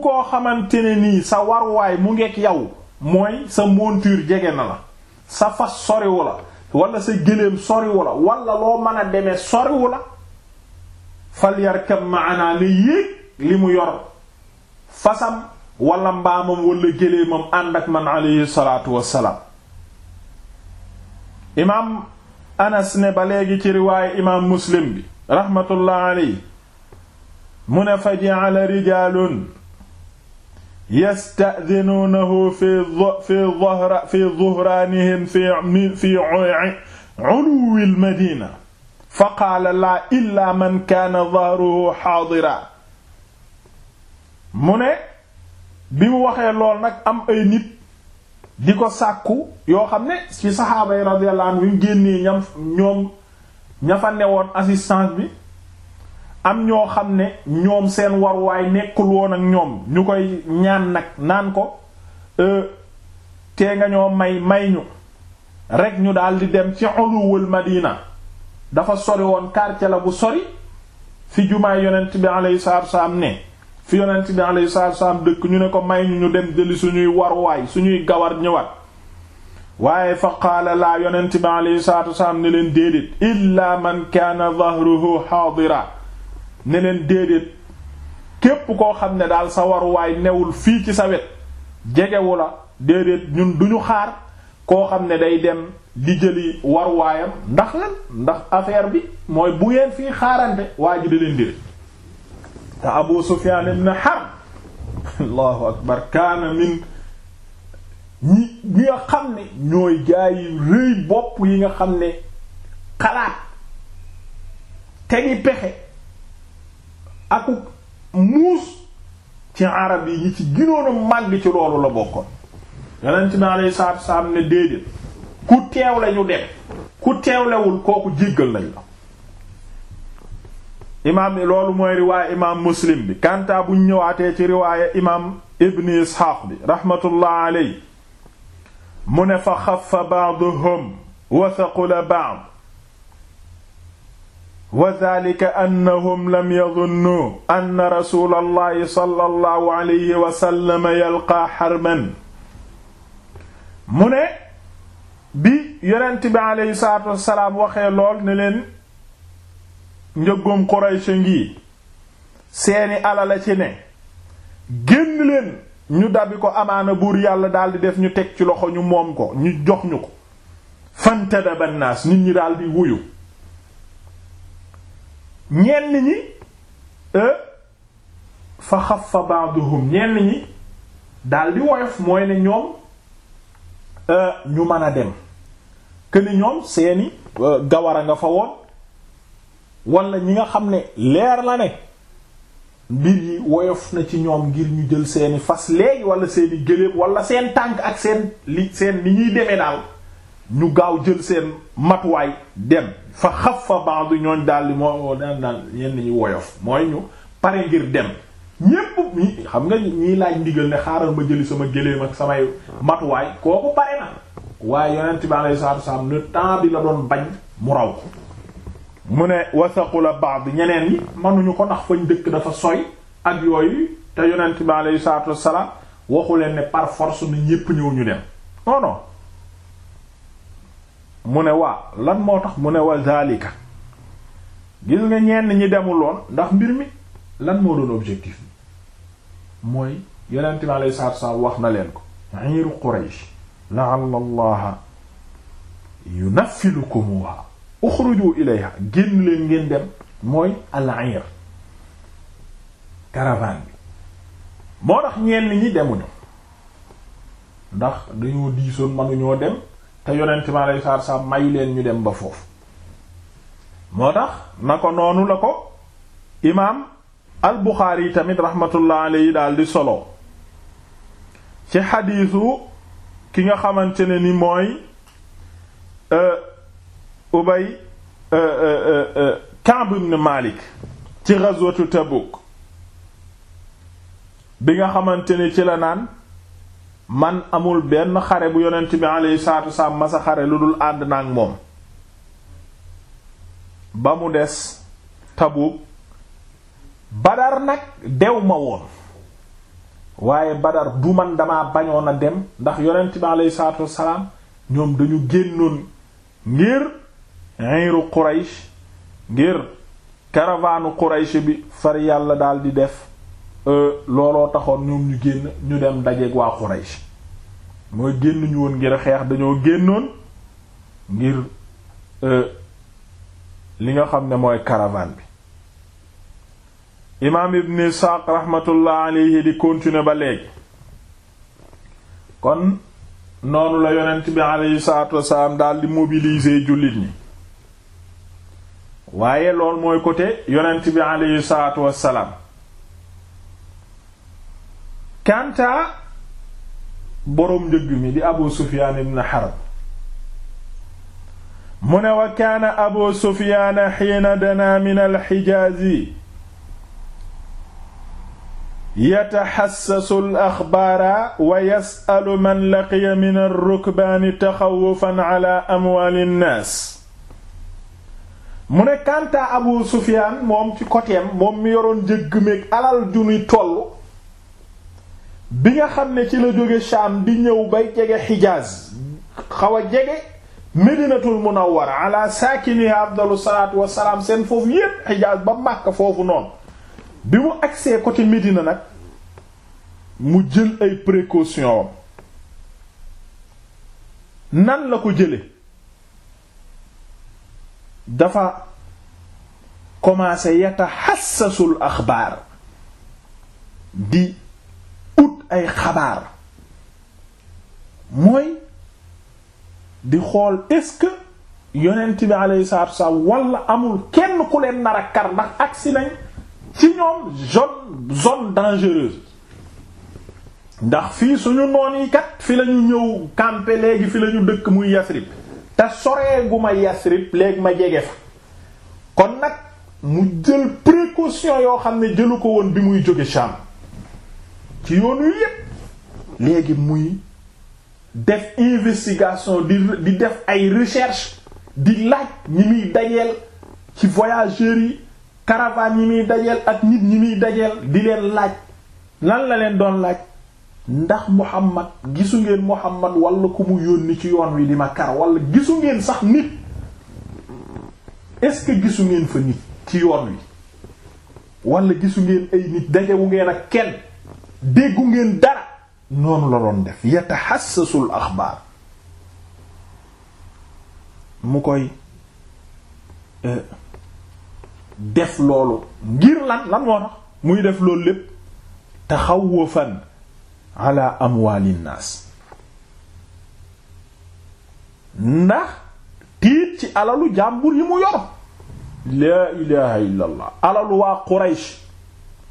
koo xamante ne nii sa warwaay mu ngeeg yow mooy sa monture jege na la sa fas soriwu la wala sa gëléem soriwu la wala loo mën a deme soriwu la fal yarkam maanaa ne yor fasam wala mbaamam wala gëléemam ànd ak man alayhi salaatu wassalaam ba léegi ci riwaaye imaam muslim bi rahmatullah alayhi mu ne fa jaala rijaalun yasta'dinuunahu fi fi zuhraanihim fi uluwi al-madiina fa qaala laa illaa man kaana dahruhu xaadiran mu ne bi mu waxee lool nag am ay nit di ko sàkku yoo xam ne ci saxaaba yi radiyallahu anhum génnee ñam ñoom ña fa newoon assistance bi am ñoo xam ne ñoom seen waruwaay nekkul woon ak ñoom ñu koy ñaan nag naan ko euh, tee nga ñoo may may ñu rekk ñu daldi dem ci uluwul madina dafa sori woon quartier la bu sori fi jumaay yonent bi alayhi salaatu wassalaam ne fi yonent bi alayhi salaatu wassalaam dëkk ñu ne ko may ñu ñu dem jëli suñuy warwaay suñuy gawar ñëwat waaye fa qaala laa yonent bi alayhi salaatu wassalaam ne leen déedéet illa man kaana dhahruhu haadira ne leen déedéet képp koo xam ne daal sa waruwaay newul fii ci sa wet jegewu la déedéet ñun duñu xaar koo xam ne day dem di jëli waruwaayam ndax lan ndax affaire bi mooy bu ngeen fii xaarante waa ji da leen dire te Abu Sufyan ibn Harb allahu akbar xam ne ñooy gaay yi rëy bopp yi nga xam ne xalaat te ni pexe aku muus ci arab yi ñi ci ginoon màgg ci loolu la bokkoon yonent bi alayhi salaatu wa salaam ne déedéet ku teew lañu dem ku teewlewul kooku jéggal lañ la imaam loolu mooy riwaaya imaam muslim bi kantaa buñ ñëwaatee ci riwaaya imaam ibn isxaaq bi raxmatullah aley mu ne fa xafa ba'duhum wa thaqula ba'd wa zaalika annahum lam yadunnu anna rasuulallahi sallallahu alayhi wa yalqaa harban mu ne bi yonent bi aleyhi salaatu wasalaam waxee lool ne leen njëggoom Quraysh ngi seeni alala ci ne génn leen ñu dabi ko amaana buur yàlla daldi def ñu teg ci loxo ñu moom ko ñu jox ñu ko fantadaba naas nit ñi daldi wuyu ñenn ñi euh, fa xaffa ba'duhum ñenn ñi daldi woyof mooy ne ñoom euh, ñu mën a dem këni ñoom seeni euh, gawara nga fa woon wala ñi nga xam ne leer la ne mbir yi woyof na ci ñoom ngir ñu jël seeni fas léegi wala seeni gëléem wala seen tànk ak seen li seen li ñuy demee daal ñu gaaw jël seen matuwaay dem fa xaf fa ba'du ñooñ daldi moo daan daan ñenn ñu woyof mooy ñu pare ngir dem ñépp ñi xam nga ñiy laaj ndigal ne xaaral ma jëli sama géléem ak samay matuwaay kooku pare na waaye yonent bi alayhi salaatu wasallam ne temps la doon bañ mu raw ko mu ne wasaqula ba'd ñeneen ñi mënuñu ko ndax fañ dëkk dafa soy ak yooyu te yonent bi alayhi salaatu wasallam waxu leen ne par force ni ñépp ñëw ñu dem non mu ne waa lan moo tax mu ne wa zalika gis nga ñenn ñi demuloon ndax mbir mi lan moo doon objectif bi mooy yonent mi alayhi salaatu salaam wax na leen ko iiru Quraysh la'alla allaha yunafilukumuha uxruju ilayha génn leen ngeen dem mooy al-iir caravane bi moo tax ñenn ñi demuñu ndax dañoo diisoon ñoo dem te yonent mi alayhi salaatu salaam may leen ñu dem ba foofu moo tax na ko noonu la ko imaam al-Buxaari yi tamit rahmatullah alayhi daal di solo ci xadiisu ki nga xamante ne ni mooy euh, Ubay euh, euh, Ka'b ibn Malik ci ghazwatu Tabuk bi nga xamante ne ci la naan man amul benn xare bu yonent bi alayhi salaatu wasalaam masa xare lu dul ànd naag moom ba mu des Tabuk Badar nag dew ma woon waaye Badar bu man dama bañoon a dem ndax yonent bi alayhi salaatu wasalaam ñoom dañu génnoon ngir iru Quraysh ngir karavaanu Quraysh bi far yàlla daal di def Euh, looloo taxoon ñu génn ñu dem dajeeg waa Quraysh mooy génn ñu woon ngir xeex dañoo génnoon ngir euh, li nga xam ne mooy caravane bi imaam ibn Isaaq rahmatullah alayhi di continuer ba léegi kon noonu la yonent bi alayhi salaatu wasalaam daal di mobiliser jullit ñi waaye loolu mooy côté yonent bi alayhi salaatu wasalaam kanta boroom njëgg mi di abu sufiyaan ibn harb mu ne wa kaana abu sufiaana xiina danaa min alxijaazi yataxassasu alaxbaara wa yasalu man laqiya min alrukbaani taxawufan ala amwaali nnaas alal ju ni bi nga xam ne ci la jóge Shaam di ñëw bay jege xijaas xaw a jege Medinatul Munawwara ala saakiniha afdalu salaatu wassalaam seen foofu yépp Hijaaz ba Makka foofu noonu bi mu agsee ci Medina nag mu jël ay précautions nan la ko jële dafa commencé yataxassasul axbaar di ay xabaar mooy di xool est-ce que yonent bi alayhi salaatu wasallam wala amul kenn ku leen nar a kar ndax agsi nañ ci ñoom zone zone dangereuse ndax fii suñu noon yi kat fi la ñu ñëw camper léegi fi lañu dëkk muy Yasrib te soree gu ma Yasrib léegi ma jege fa kon nag mu jël précaution yoo xam ne jëlu ko woon bi muy jóge Sham ci yoonu yépp léegi muy def investigation di di def ay recherche di laaj ñi muy dajeel ci voyageurs yi caravane ñi muy dajeel ak nit ñi muy dajeel di leen laaj lan la leen doon laaj ndax Muhammad gisu ngeen Muhammad walla ko mu yónni ci yoon wi di ma kar walla gisu ngeen sax nit est-ce que gisu ngeen fa nit ci yoon wi wala gisu ngeen ay nit dajewu ngeen ak kenn déggu ngeen dara noonu la doon def yataxassasul axbaar mu koy euh, def loolu ngir lan lan moo tax muy def loolu lépp taxawufan ala amwaalin naas ndax tiit ci alalu jàmbur yi mu yor laa ilaha illa alalu waa quraysh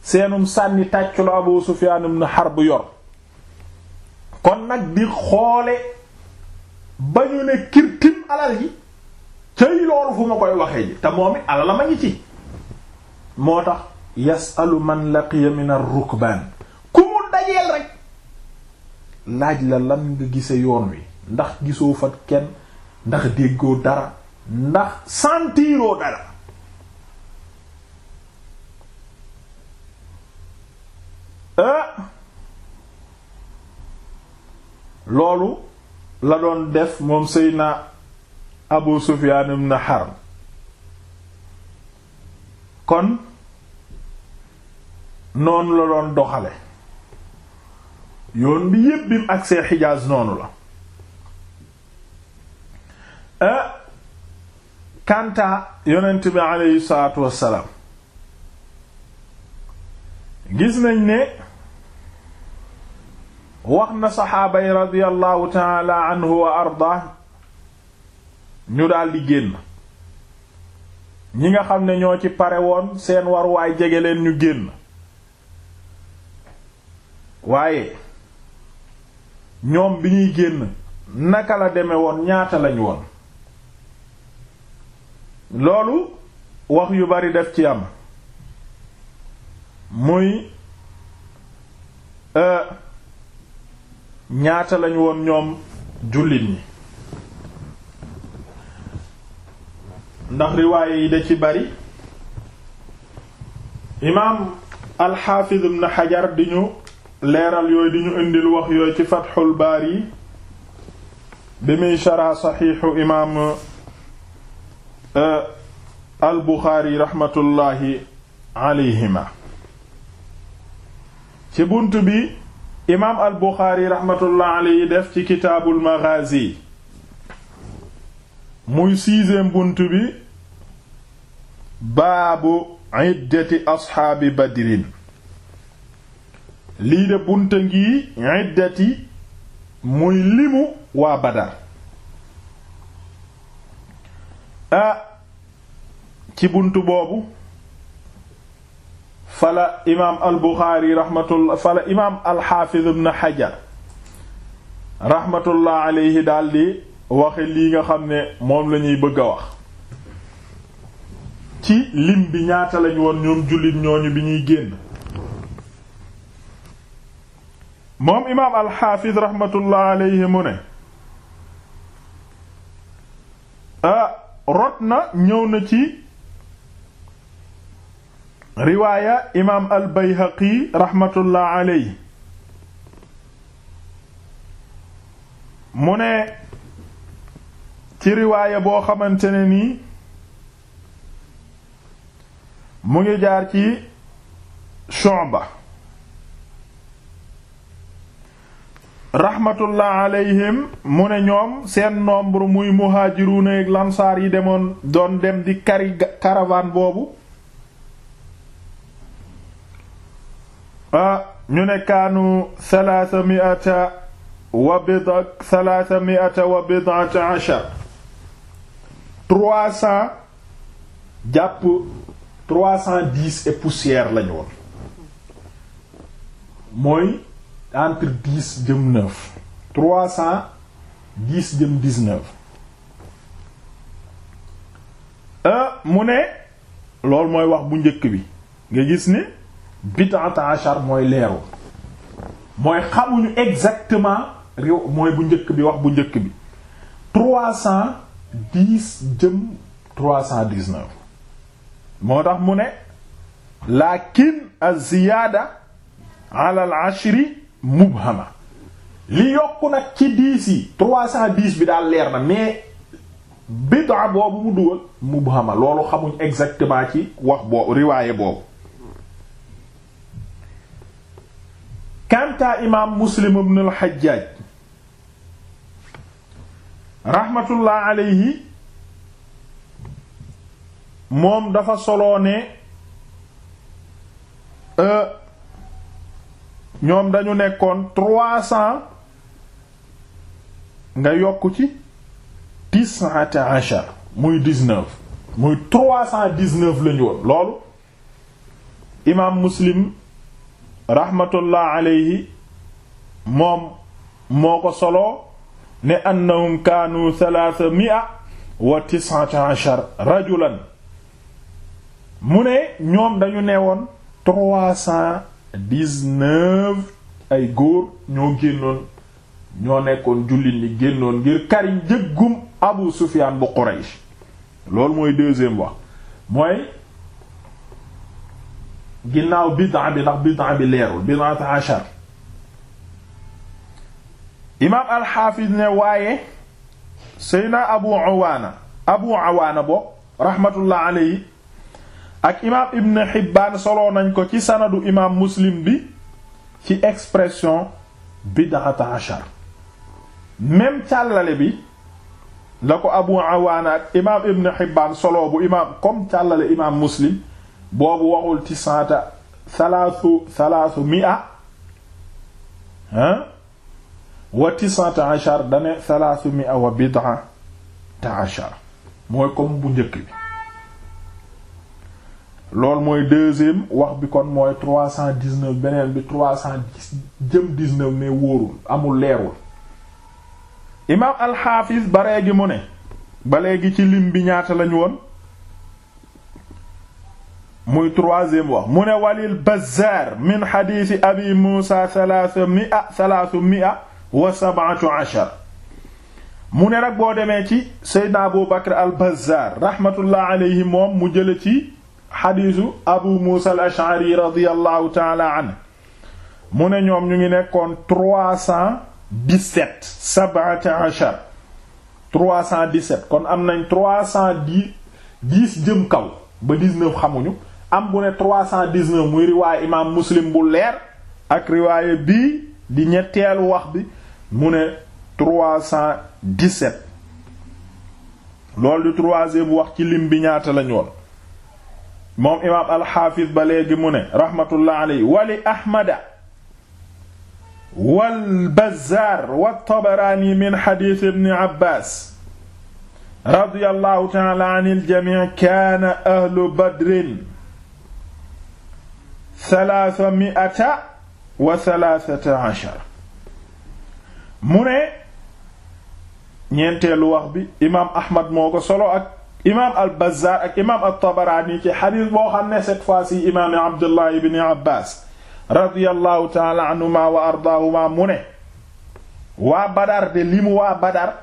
seenum sànni tàccu la na Sufyaan ibn Harb yor kon nag di xoole ba ñu ne kirtim alal ji cëy loolu fu ma koy waxee ji te moom it alal a ma ngi ci moo tax yasalu man laqiya min ar-rukbaan ku mu dajeel rek laaj la lan nga gise yoon wi ndax gisoo fat kenn ndax déggoo dara ndax sentiroo dara loolu la doon def moom Seydina Abu Sufyaan ibn Harb kon noonu la doon doxale yoon bi yépp bim agsee Xijaas noonu la ah kanta yonent bi aleyhi salaatu wassalaam gis nañ ne wax na saxaaba yi radiyallahu taala anhu wa arda ñu daldi génn ñi nga xam ne ñoo ci pare woon seen waruwaay jege leen ñu génn waaye ñoom bi ñuy génn naka la deme woon ñaata lañ woon loolu wax yu bari def ci am muy euh, ñaata lañ woon ñoom jullit ñi ndax riwaaye yi da ci bari imaam alxaafiz ibn xajar di ñu leeral yooyu di ñu indil wax yooyu ci fatxul baari bi muy shara saxiixu imaam eh, al buxaari raxmatullaahi aleyhima ci bunt bi imaam al buxaari raxmatullah def ci kitaabul maghazi muy sixième bunt bi baabu iddati asxaabi badrin lii de bunta ngi iddati muy limu waa badar ah ci bunt boobu fala imaam al buxaari rahmatullah fala imaam alxaafiz ibn xajar rahmatullah aleyhi daldi waxe lii nga xam ne moom lañuy bëgg a wax ci lim bi ñaata lañ woon ñoom jullit ñooñu bi ñuy génn moom imaam alxaafiz rahmatullah aleyhi mu ne ah, rot na ñëw na ci riwaaya imaam al bayhaqi raxmatullah aley mu ne ci riwaaya boo xamante ne nii mu ngi jaar ci Shu'ba raxmatullah aleyhim mu ne ñoom seen nombre muy muhaajiruuna ak lansaar yi demoon doon dem di kari caravane boobu ah ñu ne kaanu salaasa mi'ata wa bida salaasa mi'ata wa bid'ata ashar trois cent dix et poussière lañu woon mooy entre dix jëm neuf trois cent dix jëm dix-neuf ah, mu ne loolu mooy wax bu njëkk bi nga gis ni bid'ata ashar mooy leeru mooy xamuñu exactement réew mooy bu njëkk bi wax bu njëkk bi trois cent dix jëm trois cent dix moo tax mu ne lakin az-ziyaada ala al-ashri mubhama li yokku nag ci dix yi trois cent dix bi daal leer na mais bitaa boobu mu dugal mubhama loolu xamuñ exactement ci wax boobu riwaaye boobu kantaa imaam muslim ibn al-Hajjaj rahmatullah alayhi moom dafa soloo ne euh, ñoom dañu nekkoon trois cents nga yokku ci tis'at ashar muy muy trois cent dix-neuf loolu imaam muslim rahmatullah alayhi moom moo ko solo ne annahum kaanu thalaatha mi'a wa tis'ata ashar rajulan mu ne ñoom dañu ne woon trois ay góor ñoo génnoon ñoo nekkoon jullit ñi génnoon ngir kari njëggum Abu Sufyaan bu Quraysh loolu mooy deuxième wax mooy ginnaaw bid'a bi ndax bid'a bi leerul bid'at ashar imaam alxaafis ne waaye seyna abu awaana abu awaana bo rahmatullah alayhi ak imaam ibn Hibbaan soloo nañ ko ci sanadu imaam muslim bi ci expression bid'at càllale bi la ko abu awaana ak imaam ibn Hibbaan soloo bu imaam comme càllale imaam muslim boobu waxul tisaata thalathu thalathu mi'a hein ah, wa tisaata ashar dane thalathu mi'a wa bid'a ta ashar mooy comme bu njëkk bi loolu mooy deuxième wax bi kon mooy trois cent dix-neuf beneen bi trois cent dix jëm dix wóorul amul leerul imaam alxaafis ba léegi mu ne ba léegi ci lim bi ñaata lañu woon muy troisième wax mu ne walil Bazzaar min xadiisi abi Muusa salaasa mi'a salaasa mi'a wa sab'atu ashar mu ne nag boo demee ci Seydina Abu Bakr al Bazzaar rahmatullah alayhi moom mu jële ci xadiisu Abu Muusa al Ash'ari radiyallahu ta'ala anhu mu ne ñoom ñu ngi nekkoon trois cent dix-sept sab'atu ashar trois cent kon am nañ trois cent dix dix jëm kaw ba dix-neuf xamuñu am bu ne 319 muy riwaay imaam muslim bu leer ak riwaay bii di ñetteelu wax bi mu ne 317 loolu di troisième wax ci lim bi ñaata lañu woon moom imaam alxaafiz ba léegi mu ne rahmatullah aleyhi wali ahmada walbazar waltabarani min xadit ibni abbas radiallahu taala an iljami kaana ahlu badrin salaasa mi'ata wa salaasata ashara mu ne ñeenteelu wax bi imaam Ahmad moo ko solo ak imaam al-Bazzaar ak imaam at-Tabaraani ci xadiis boo xam ne cette fois-ci imaam Abdullah ibn Abbaas radiyallahu taala anhuma wa ardaahuma mu ne waa Badar de limu waa Badar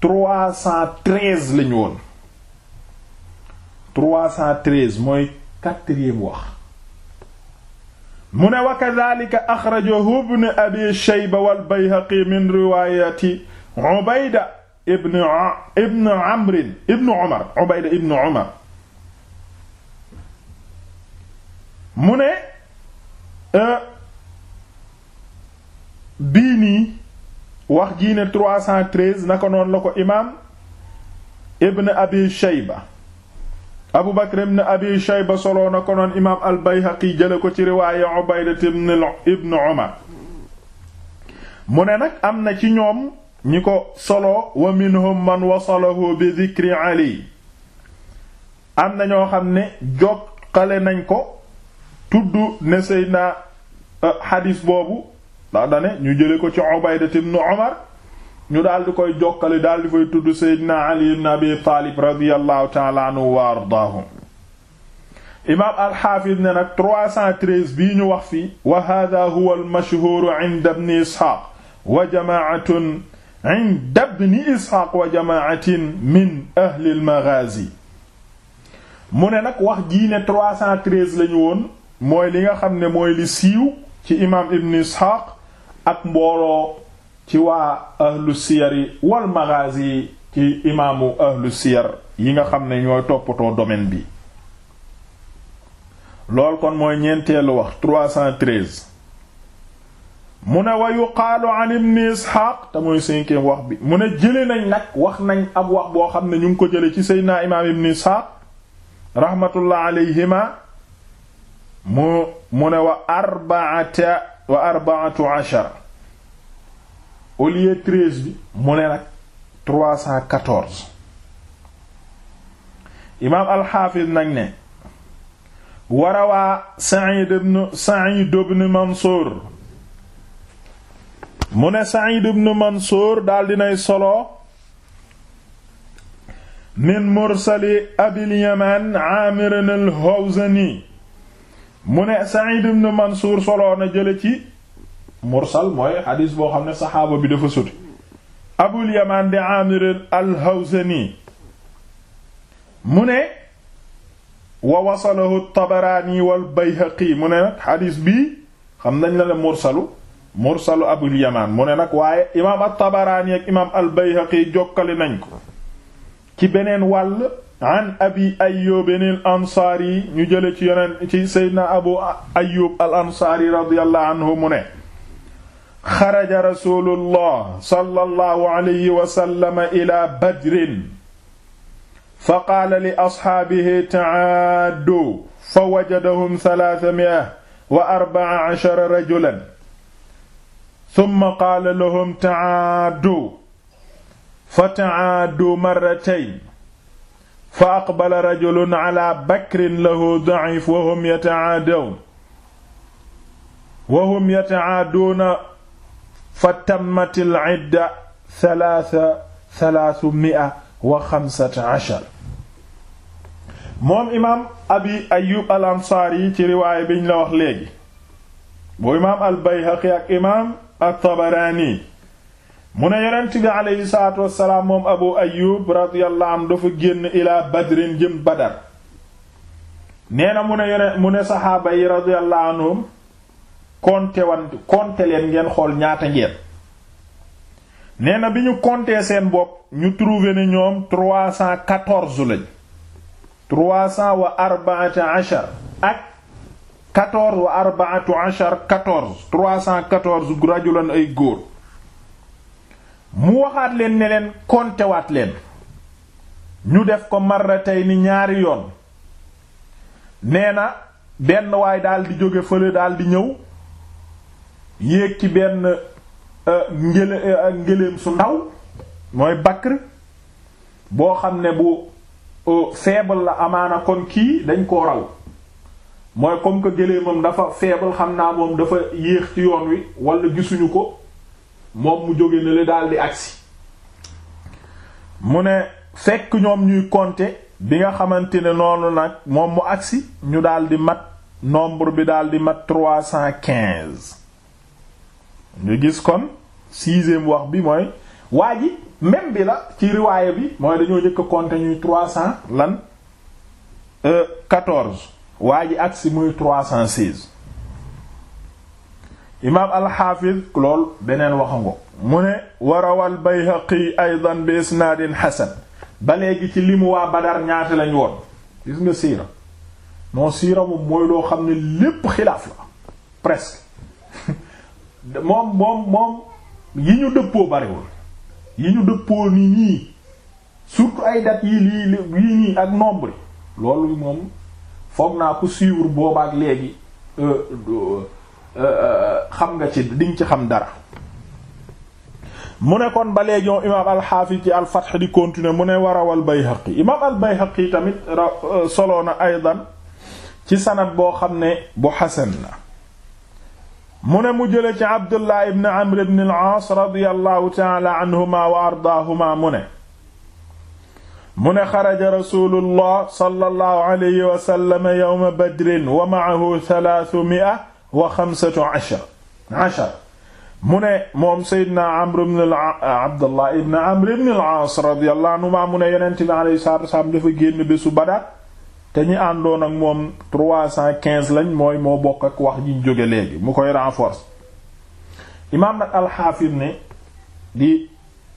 trois cent treize lañu woon trois cent treize mooy quatrième wax mu ne wa kadhalika axrajahu ibn abi shayba wal bayhaqi min riwayati ubayda ibn ibn amr ibn umar ubayda ibn umar mu ne e, bii nii wax jii ne 313 naka noonu la ko imaam ibn abi shayba abu bakr ibn abi shayba soloo na ko noon imaam al yi jële ko ci riwaaya ubaydat ibn umar mu ne nag am na ci ñoom ñi ko solo wa minhum man wa wasalahu bi dhikri ali am na ñoo xam ne jokkale nañ ko tudd ne na euh, xadiis boobu ndax dane ñu jële ko ci ubaydat ibn umar ñu daal di koy jokkale daal di koy tudd Seydina Ali ibn Abi Taalib radiyallahu ta'ala anhu wa ardaahu ne nag 313 bii ñu wax fi wa hada huwa almashhuru inda ibn Isxaaq wa jamaatun inda mu ne nag wax jii ne 313 woon mooy li nga xam ne mooy li siiw ci imaam ibn Isxaaq ak mbooloo ci waa ahlu siyar yi wal maghazi ci imaamu ahlu siyar yi nga xam ne ñooy toppatoo domaine bi lool kon mooy ñeenteelu wax 313 mu ne wa yuqaalu an ibni isxaaq te mooy cinquième wax bi mu ne jële nañ nag wax nañ ab wax boo xam ne ñu ngi ko jële ci seydinaa imaam ibni isxaaq rahmatullah alayhima mu mu ne wa arbaatu ashara au lieu treize bi mu ne nag trois cent quatorze imaam alxaafis nag ne warawaa Sa'id ibn Sa'id ibn Mansour mu ne Sa'id ibn Mansour daal dinay solo min mursali abil yaman hawzani mu ne Sa'id ibn Mansour solo na jële ci mursal mooy xadis boo xam ne saxaaba bi dafa soti abul yaman di mu ne wa wasalahu tabaraani wal bayhaqi mu ne nag xadis xam nañ la le mursalu mursalu abul mu ne nag waaye imaam al tabaraani ak imaam jokkale nañ ko ci beneen wàll an abi ayyubin ñu jële ci yoneen ci seydina abu ayyub al ansaari radiyallahu mu ne xaraja rasulullah sallallahu alayhi wa sallam ila badrin fa qaala li asxaabihi ta'aaddu fa wajadahum salaasa mi'a wa arba'a ashara rajulan summa qaala lahum ta'aaddu fa ta'aaddu marratayn fa aqbala rajulun ala bakrin lahu da'if wa hum yata'aaddawna wa hum yata'aadduuna fa tammatil idda thalaatha thalaath mi'a wa xamsata ashar moom imaam abi ayub al ansaari ci riwaaya biñ la wax léegi bu imaam al bayhaqi ak imaam at tabaraani mu ne yonent bi aleyhi salaatu wassalaam moom abu ayub radiyallahu anhu dafa génn ilaa badrin jëm badar nee na mu ne yonent mu ne saxaaba yi radiyallahu anhum compter wan compter leen ngeen xool ñaata ngeen nee na bi ñu compter seen bopp ñu trouver ne ñoom trois cent quatorze lañ wa arbaata ashar ak quatorze wa arbaatu ashar quatorze trois cent quatorze rajulan ay góor mu waxaat leen ne leen leen ñu def ko marratay ni ñaari yoon nee na benn waay daldi jóge fële daal di ñëw yéeg ci benn euh, ngélé euh, ak ngéléem su ndaw mooy bakr boo xam ne bu euh, faible la amaana kon kii dañ koo raw mooy comme que géléemam dafa faible xam naa moom dafa yéex ci yoon wi wala gisuñu ko moom mu jóge na le daal di agsi mu ne fekk ñoom ñuy compter bi nga xamante ne noonu nag moom mu agsi ñu daal di mat nombre bi daal di mat trois cent quinze ñu gis kon sixième wax bi mooy waa ji même bi la ci riwaaya bi mooy dañoo njëkk a compter ñuy trois cent lan euh, quatorze waa ji ak muy trois cent seize imaam alxaafiz lool beneen waxango mu ne warawal bayhaqi aydan bi isnaadin xasan ba léegi ci limu waa badar ñaata lañu woon gis nga siira moom mooy loo xam ne lépp xilaaf la presque moom moom moom yi ñu dëppoo bariwul yi ñu dëppoo ni nii surtout ay dat yi lii lii nii ak nombre loolu moom foog naa ku suivre boobaak léegi euh, euh, euh, xam nga ci diñ ci xam dara mu ne kon ba léegi imaam alxaafis ci alfath di continuer mu ne warawal bayhaqi imaam al bayhaqi tamit solo na aydan ci sanad boo xam ne bu xasan la mu ne mu jële ci abdullah ibn amr ibn al-aas radiyallahu taala anhuma wa ardaahuma mu ne mu ne xaraja rasulullah sallallahu alayhi wa sallam yawma badrin wa ma'ahu thalaathumi'a wa xamsatu ashar ashar mu ne moom seydina amr ibn abdullah ibn amr ibn al-aas radiyallahu anhuma mu ne yonent bi alayhi salaatu wa salaam dafa génn bésu Badar te ñi àndoon ak moom trois cent quinze lañ mooy moo bokk ak wax ji jóge léegi mu koy renforce imaam nag alxaafir ne di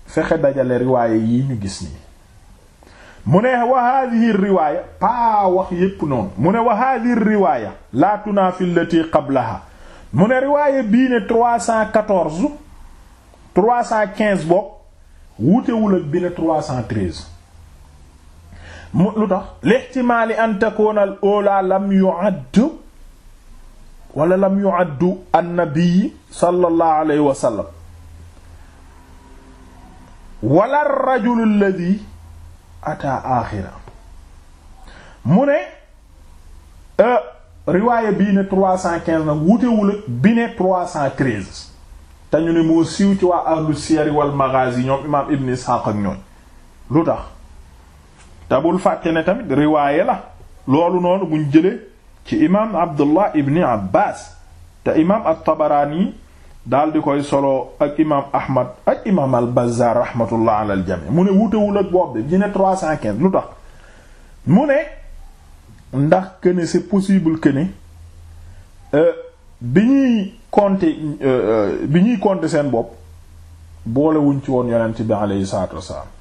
fexe dajale riwaaye yi ñu gis nii mu ne wa hadhihi riwaaya paa wax yépp noonu mu ne wa hadhihi riwaaya la tunafi allati qablaha mu ne riwaaya bii ne trois cent quatorze trois cent quinze bokk wutewul ak bi ne mu lu tax lihtimaali an al ula lam yu'add wala lam yu'add an-nabi sallallahu alayhi wa sallam wala ar-rajul alladhi ata axira mu ne e, riwaaya bii ne 315 nag wutewul bi ne 313 te ñu ne moo siiw ci waa ahlu siyar wal maghazi ñoom imaam ibn Ishaq ak ñooñ lu tax te bul fàtte ne tamit riwaaye la loolu noonu buñ jëlee ci imaam abdullah ibni abbas te imaam at-Tabaraani daal di koy solo ak imaam ahmad ak imaam al-Bazzaar rahmatullah jamii mu ne wutewul ak boobu bi ñu ne 315 lu tax mu ne ndax que ne c'est possible que euh, bi ñuy compter euh, euh, bi ñuy compter seen bopp boolewuñ ci woon yonent bi alayhi salaatu wassalaam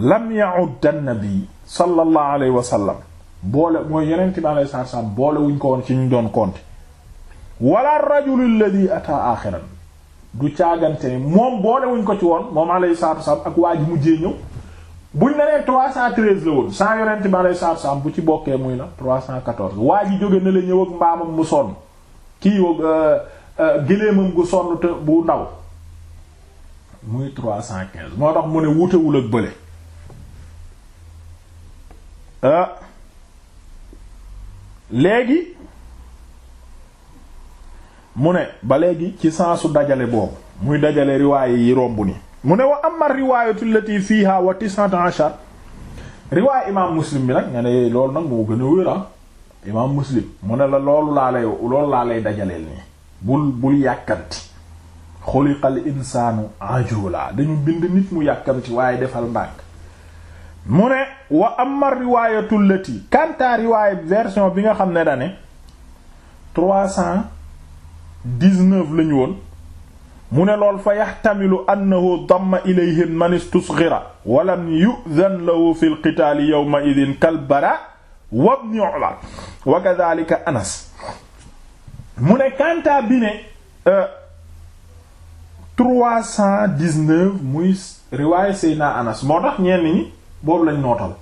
lam ya'ud an-nabi sallallahu alayhi wa boole mooy yonent bi alayhi salaatu ko woon ci ñu doon compter wala rajul alladhi du caagante moom boole ko ci woon moom alayhi salaatu ak waa ji mujjee ñëw buñ la nee 313 la woon sans yonent bu ci bokkee muy la 314 waa ji jóge na la ñëw ak mu sonn kii yow euh, euh, gëléemam gu sonn bu ndaw muy 315 moo tax mu ne wutewul ak bële. Ah. léegi mu ne ba léegi ci sensu dajale boobu muy dajale riwaaye yi romb ni mu ne wa amma riwaayatu allati fiha wa tis'ata ashar riwaay imaam muslim bi nag nga ne loolu nag moo gën a wér ah imaam muslim mu ne la loolu laa lay loolu laa lay dajaleel nii bul bul yàkkanti xuliqal insaanu ajula dañu bind nit mu yàkkanti waaye defal ndànk mu ne wa amma riwaayatu lati kanta riwaaya version bi nga xam ne dane trois cent lañu woon mu ne lool fa yaxtamilu annahu damma ilayhim man istusghira walam yu'dhan lahu fi lqitaali yawma idin kal bara wa ibn Umar wa kadhalika anas mu ne kanta bi ne euh, trois cent dix-neuf muy riwaaya Seydina anas moo tax ñenn ñi boobu lañ nootal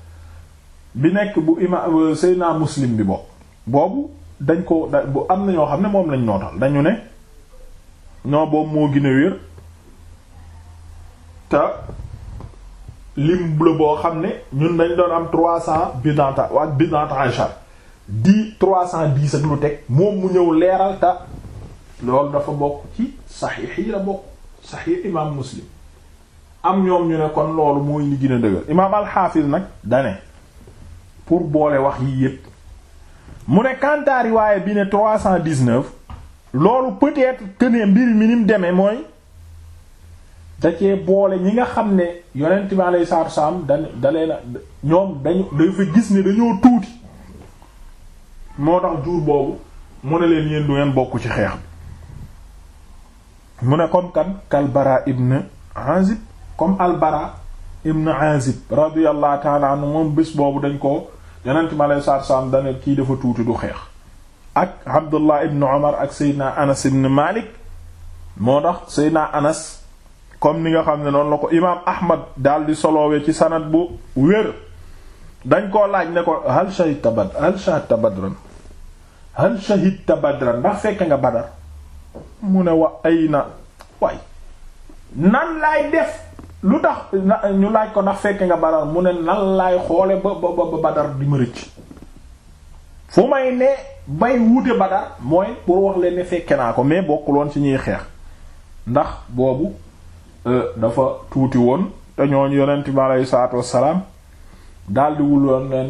bi nekk bu imaam Seydina Muslim bi bokk boobu dañ ko bu am na ñoo xam ne moom lañ nootal dañu ne ñoo boobu moo gën a wér te lim boo xam ne ñun dañ doon am trois cent bidanta ak bidanta achar di trois cent dix ak lu teg moom mu ñëw leeral te loolu dafa bokk ci saxiix yi la bokk saxiix imaam Muslim am ñoom ñu ne kon loolu mooy li gën dëgër imaam alxaafis nag dane pour boole wax yi yépp mu ne kantaa riwaaye bi ne 319 loolu peut-être mbir mi ni mu demee mooy da boole ñi nga xam ne yonent bi alayhi salaatu wasalaam da dalee ñoom dañu dafa gis ni dañoo tuuti moo tax jur boobu mu ne leen yéen ngeen bokk ci xeex bi mu ne comme kalbara ibn Azib comme albara ibn azib radiyallahu taala anhu moom bés boobu dañ koo yonent mi alei saatu salaam dane kii dafa tuuti du xeex ak abdullah ibn omar ak seydna anas ibn malik moo tax seydna anas comme ni nga xam ne noonu la ko imaam ahmad daal di soloowe ci sanad bu wér dañ koo laaj ne ko hal shahidta bad hal shahidta badran ndax fekk nga badar mu ne wa ay na waay nan laay def lu tax ñu laaj ko ndax fekke nga badar mu ne nan laay xoole ba ba ba badar di ma rëcc fu may ne bay wuute badar mooy pour wax leen ne fekke naa ko mais bokkuloon ci ñuy xeex ndax boobu euh, dafa tuuti woon te ñooñu yonent bi aleyhi salaatu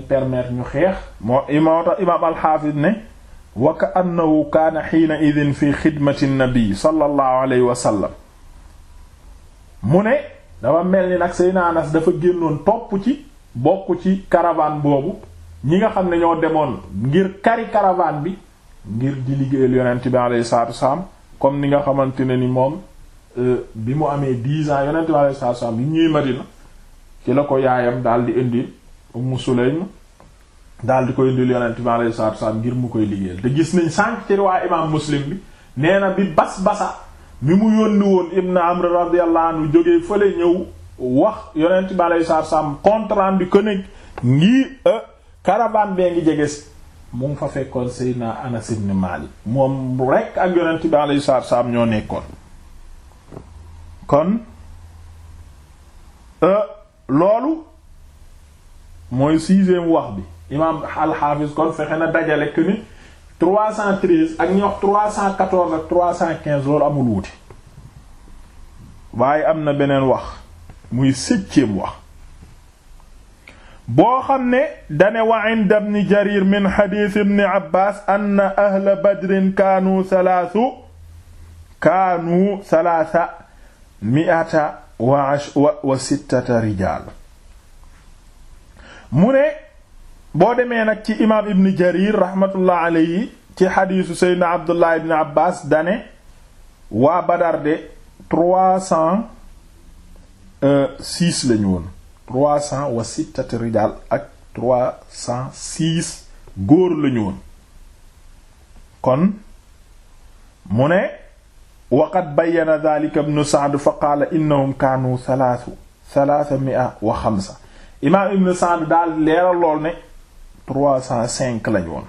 permettre ñu xeex moo imaam ne wa ka annahu kaana xiina idin fi xidmati nnabi sallallahu alayhi wa sallam mu ne dafa mel ni nag Seydina Anas dafa génnoon topp ci bokk ci caravane boobu ñi nga xam ne ñoo demoon ngir kari caravane bi ngir di liggéeyal yonent bi alayhi salaatu wassalaam comme ni nga xamante ne ni moom euh, bi mu amee dix ans yonent bi alayhi salaatu wassalaam bi ñuy Madina ci la ko yaayam daal di indi Ummu Sulaym daal di koy indil yonent bi alayhi salaatu wassalaam ngir mu koy liggéeyal te gis nañ sànq ci riwaa imaam Muslim bi nee na bi bas basa bi mu yónni woon Ibn Amr radiyallahu anhu jógee fële ñëw wax yonent bi alayhi salaatu salaam compte rendu que ngi euh, caravane bee ngi jege si mu ngi fa fekkoon Seydina Anas ibn Malik moom rek ak yonent bi alayhi salaatu salaam ñoo nekkoon kon euh, loolu mooy sixième wax bi imaam al kon fexe na dajale que 313 ak ñuy wax 314 ak 315 loolu amul wuute waaye am na beneen wax muy septième wax boo xam ne dane wa inda ibn jarir min xadiis ibn abbas ann ahla badrin kaanu salaasu kaanu salaasa miata wa sittata rijaal mu ne boo demee nag ci imaam ibn jarir rahmatullah alayhi ci xadiisu seydna abdullah ibn abbas dane waa badar lañu woon wa sittati rijaal ak trois cent góor lañu woon kon mu ne waqad bayyana dhalika ibn sa'd fa qaala innahum kaanu imaam ibn sa'd daal leeral lool ne trois cent cinq lañ woon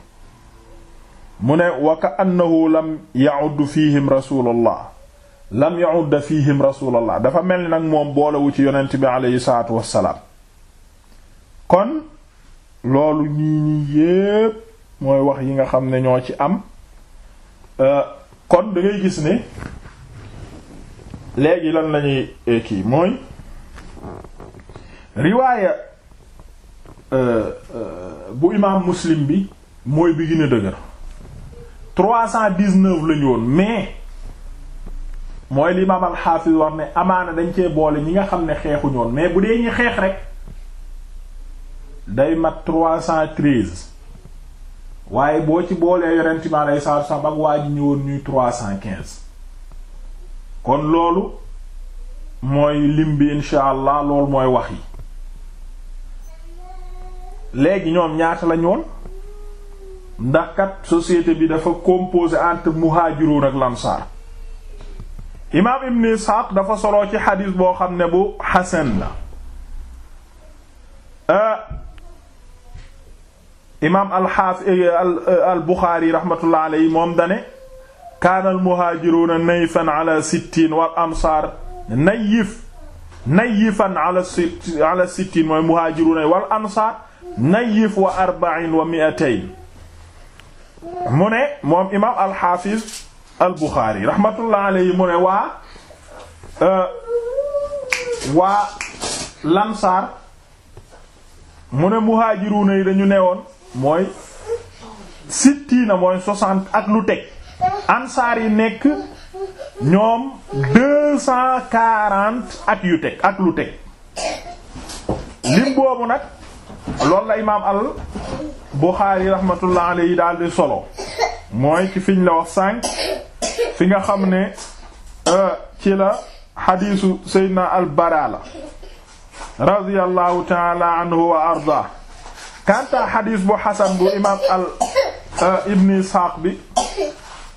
mu ne wa ka annahu lam ya'ud fihim rasulullah lam ya'ud fihim rasulullah dafa mel ni nag moom boolewu ci yonent bi aleyhi salaatu wassalaam kon loolu ñii ñi yépp mooy wax yi nga xam ne ñoo ci am euh, kon dangay gis ni léegi lan lañuy eh, kii mooy riwaaya Euh, euh, bu imaam muslim bi mooy bi gën a dëgër cent dix lañu woon mais mooy li imaam alxaafis wax ne amaana dañ cee boole ñi nga xam ne xeexuñu woon mais bu dee ñi xeex rek day mat trois cent treize waaye boo ci boolee yonent mi alayhi salaatu salaam ak waa ji ñëwoon ñuy trois quinze kon loolu mooy lim bi incha allah loolu mooy wax yi léegi ñoom ñaata la ñu woon ndax kat société bi dafa composé entre muhaajiruun ak lansaar imaam ibn isxaaq dafa soloo ci xadis boo xam ne bu xasan la euh, imaam alxaafi al buxaari raxmatullah aleyhi moom dane kaana al muhaajiruuna nayfan ala sittiin wal ansaar nayif nayifan ala sittiin mooy muhaajiruuna wal ansaar nayif wa arba'in wa mi'atayn mu ne moom imaam alxaafiz al buxaari rahmatullah alayhi mu ne waa euh, waa lansaar mu ne muhaajiruuna yi dañu newoon mooy sittiina mooy soixante ak lu teg ansaar yi nekk ñoom deux cent quarante ak yu teg ak lu teg lim boobu nag loolu la imaam al Buxaari rahmatullah alayhi daal di solo mooy ci fiñ la wax sànq fi nga xam ne euh, ci la xadiisu Seydina al Bara la radiyallahu taala anhu wa arda kanta xadiis bu xasan bu imaam al euh, ibni Isxaaq bi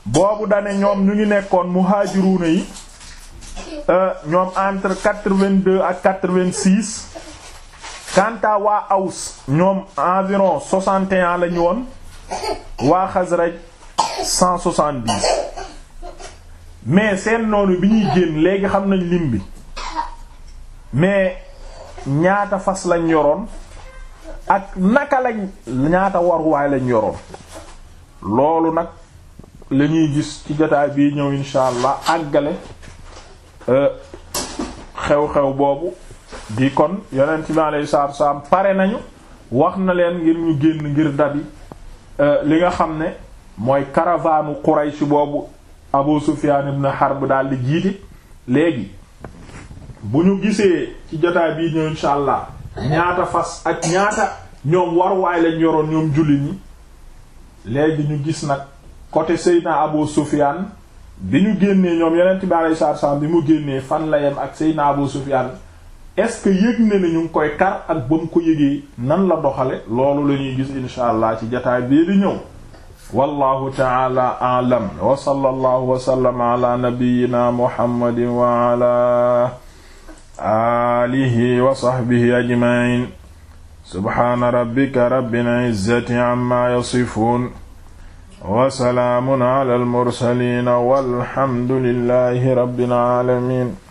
boobu dane ñoom ñu ngi nekkoon mu muhaajiruuna yi euh, ñoom entre quatre-vingt-deux ak kanta waa Aws ñoom environ 61 la ñu woon waa Xasraj 170 mais seen noonu bi ñuy génn léegi xam nañ lim bi mais ñaata fas lañ yoroon ak naka lañ ñaata waruwaay lañ yoroon loolu nag la ñuy gis ci jotaay bii ñëw insha allah àggale euh, xew-xew boobu di kon yonent bi alayhi salaatu pare nañu wax na leen ngir ñu génn ngir dabi euh, li nga xam ne mooy caravane Quraysh boobu Abu Sufyan xar bu daal di jiiti léegi bu ñu gisee ci jotaay bii ñëw insha allah ñaata fas ak ñaata ñoom waruwaay lañ yoroon ñoom jullit ñi léegi ñu gis nag côté Seydina Abu Sufyan bi ñu génnee ñoom yonent bi alayhi salaatu bi mu génnee fan la yem ak Seydina Abu Sufyan est-ce ne ne ñu koy kar ak ba ko yëgee nan la doxale loolu la ñuy gis insha allah ci jataay bii di ñëw wallahu taala aalam wa sallallahu wa sallama ala nabiyyina muhammadin wa ala alihi wa sahbihi ajma'in subhana rabbika rabbil wa salaamun ala al mursalin walhamdulillahi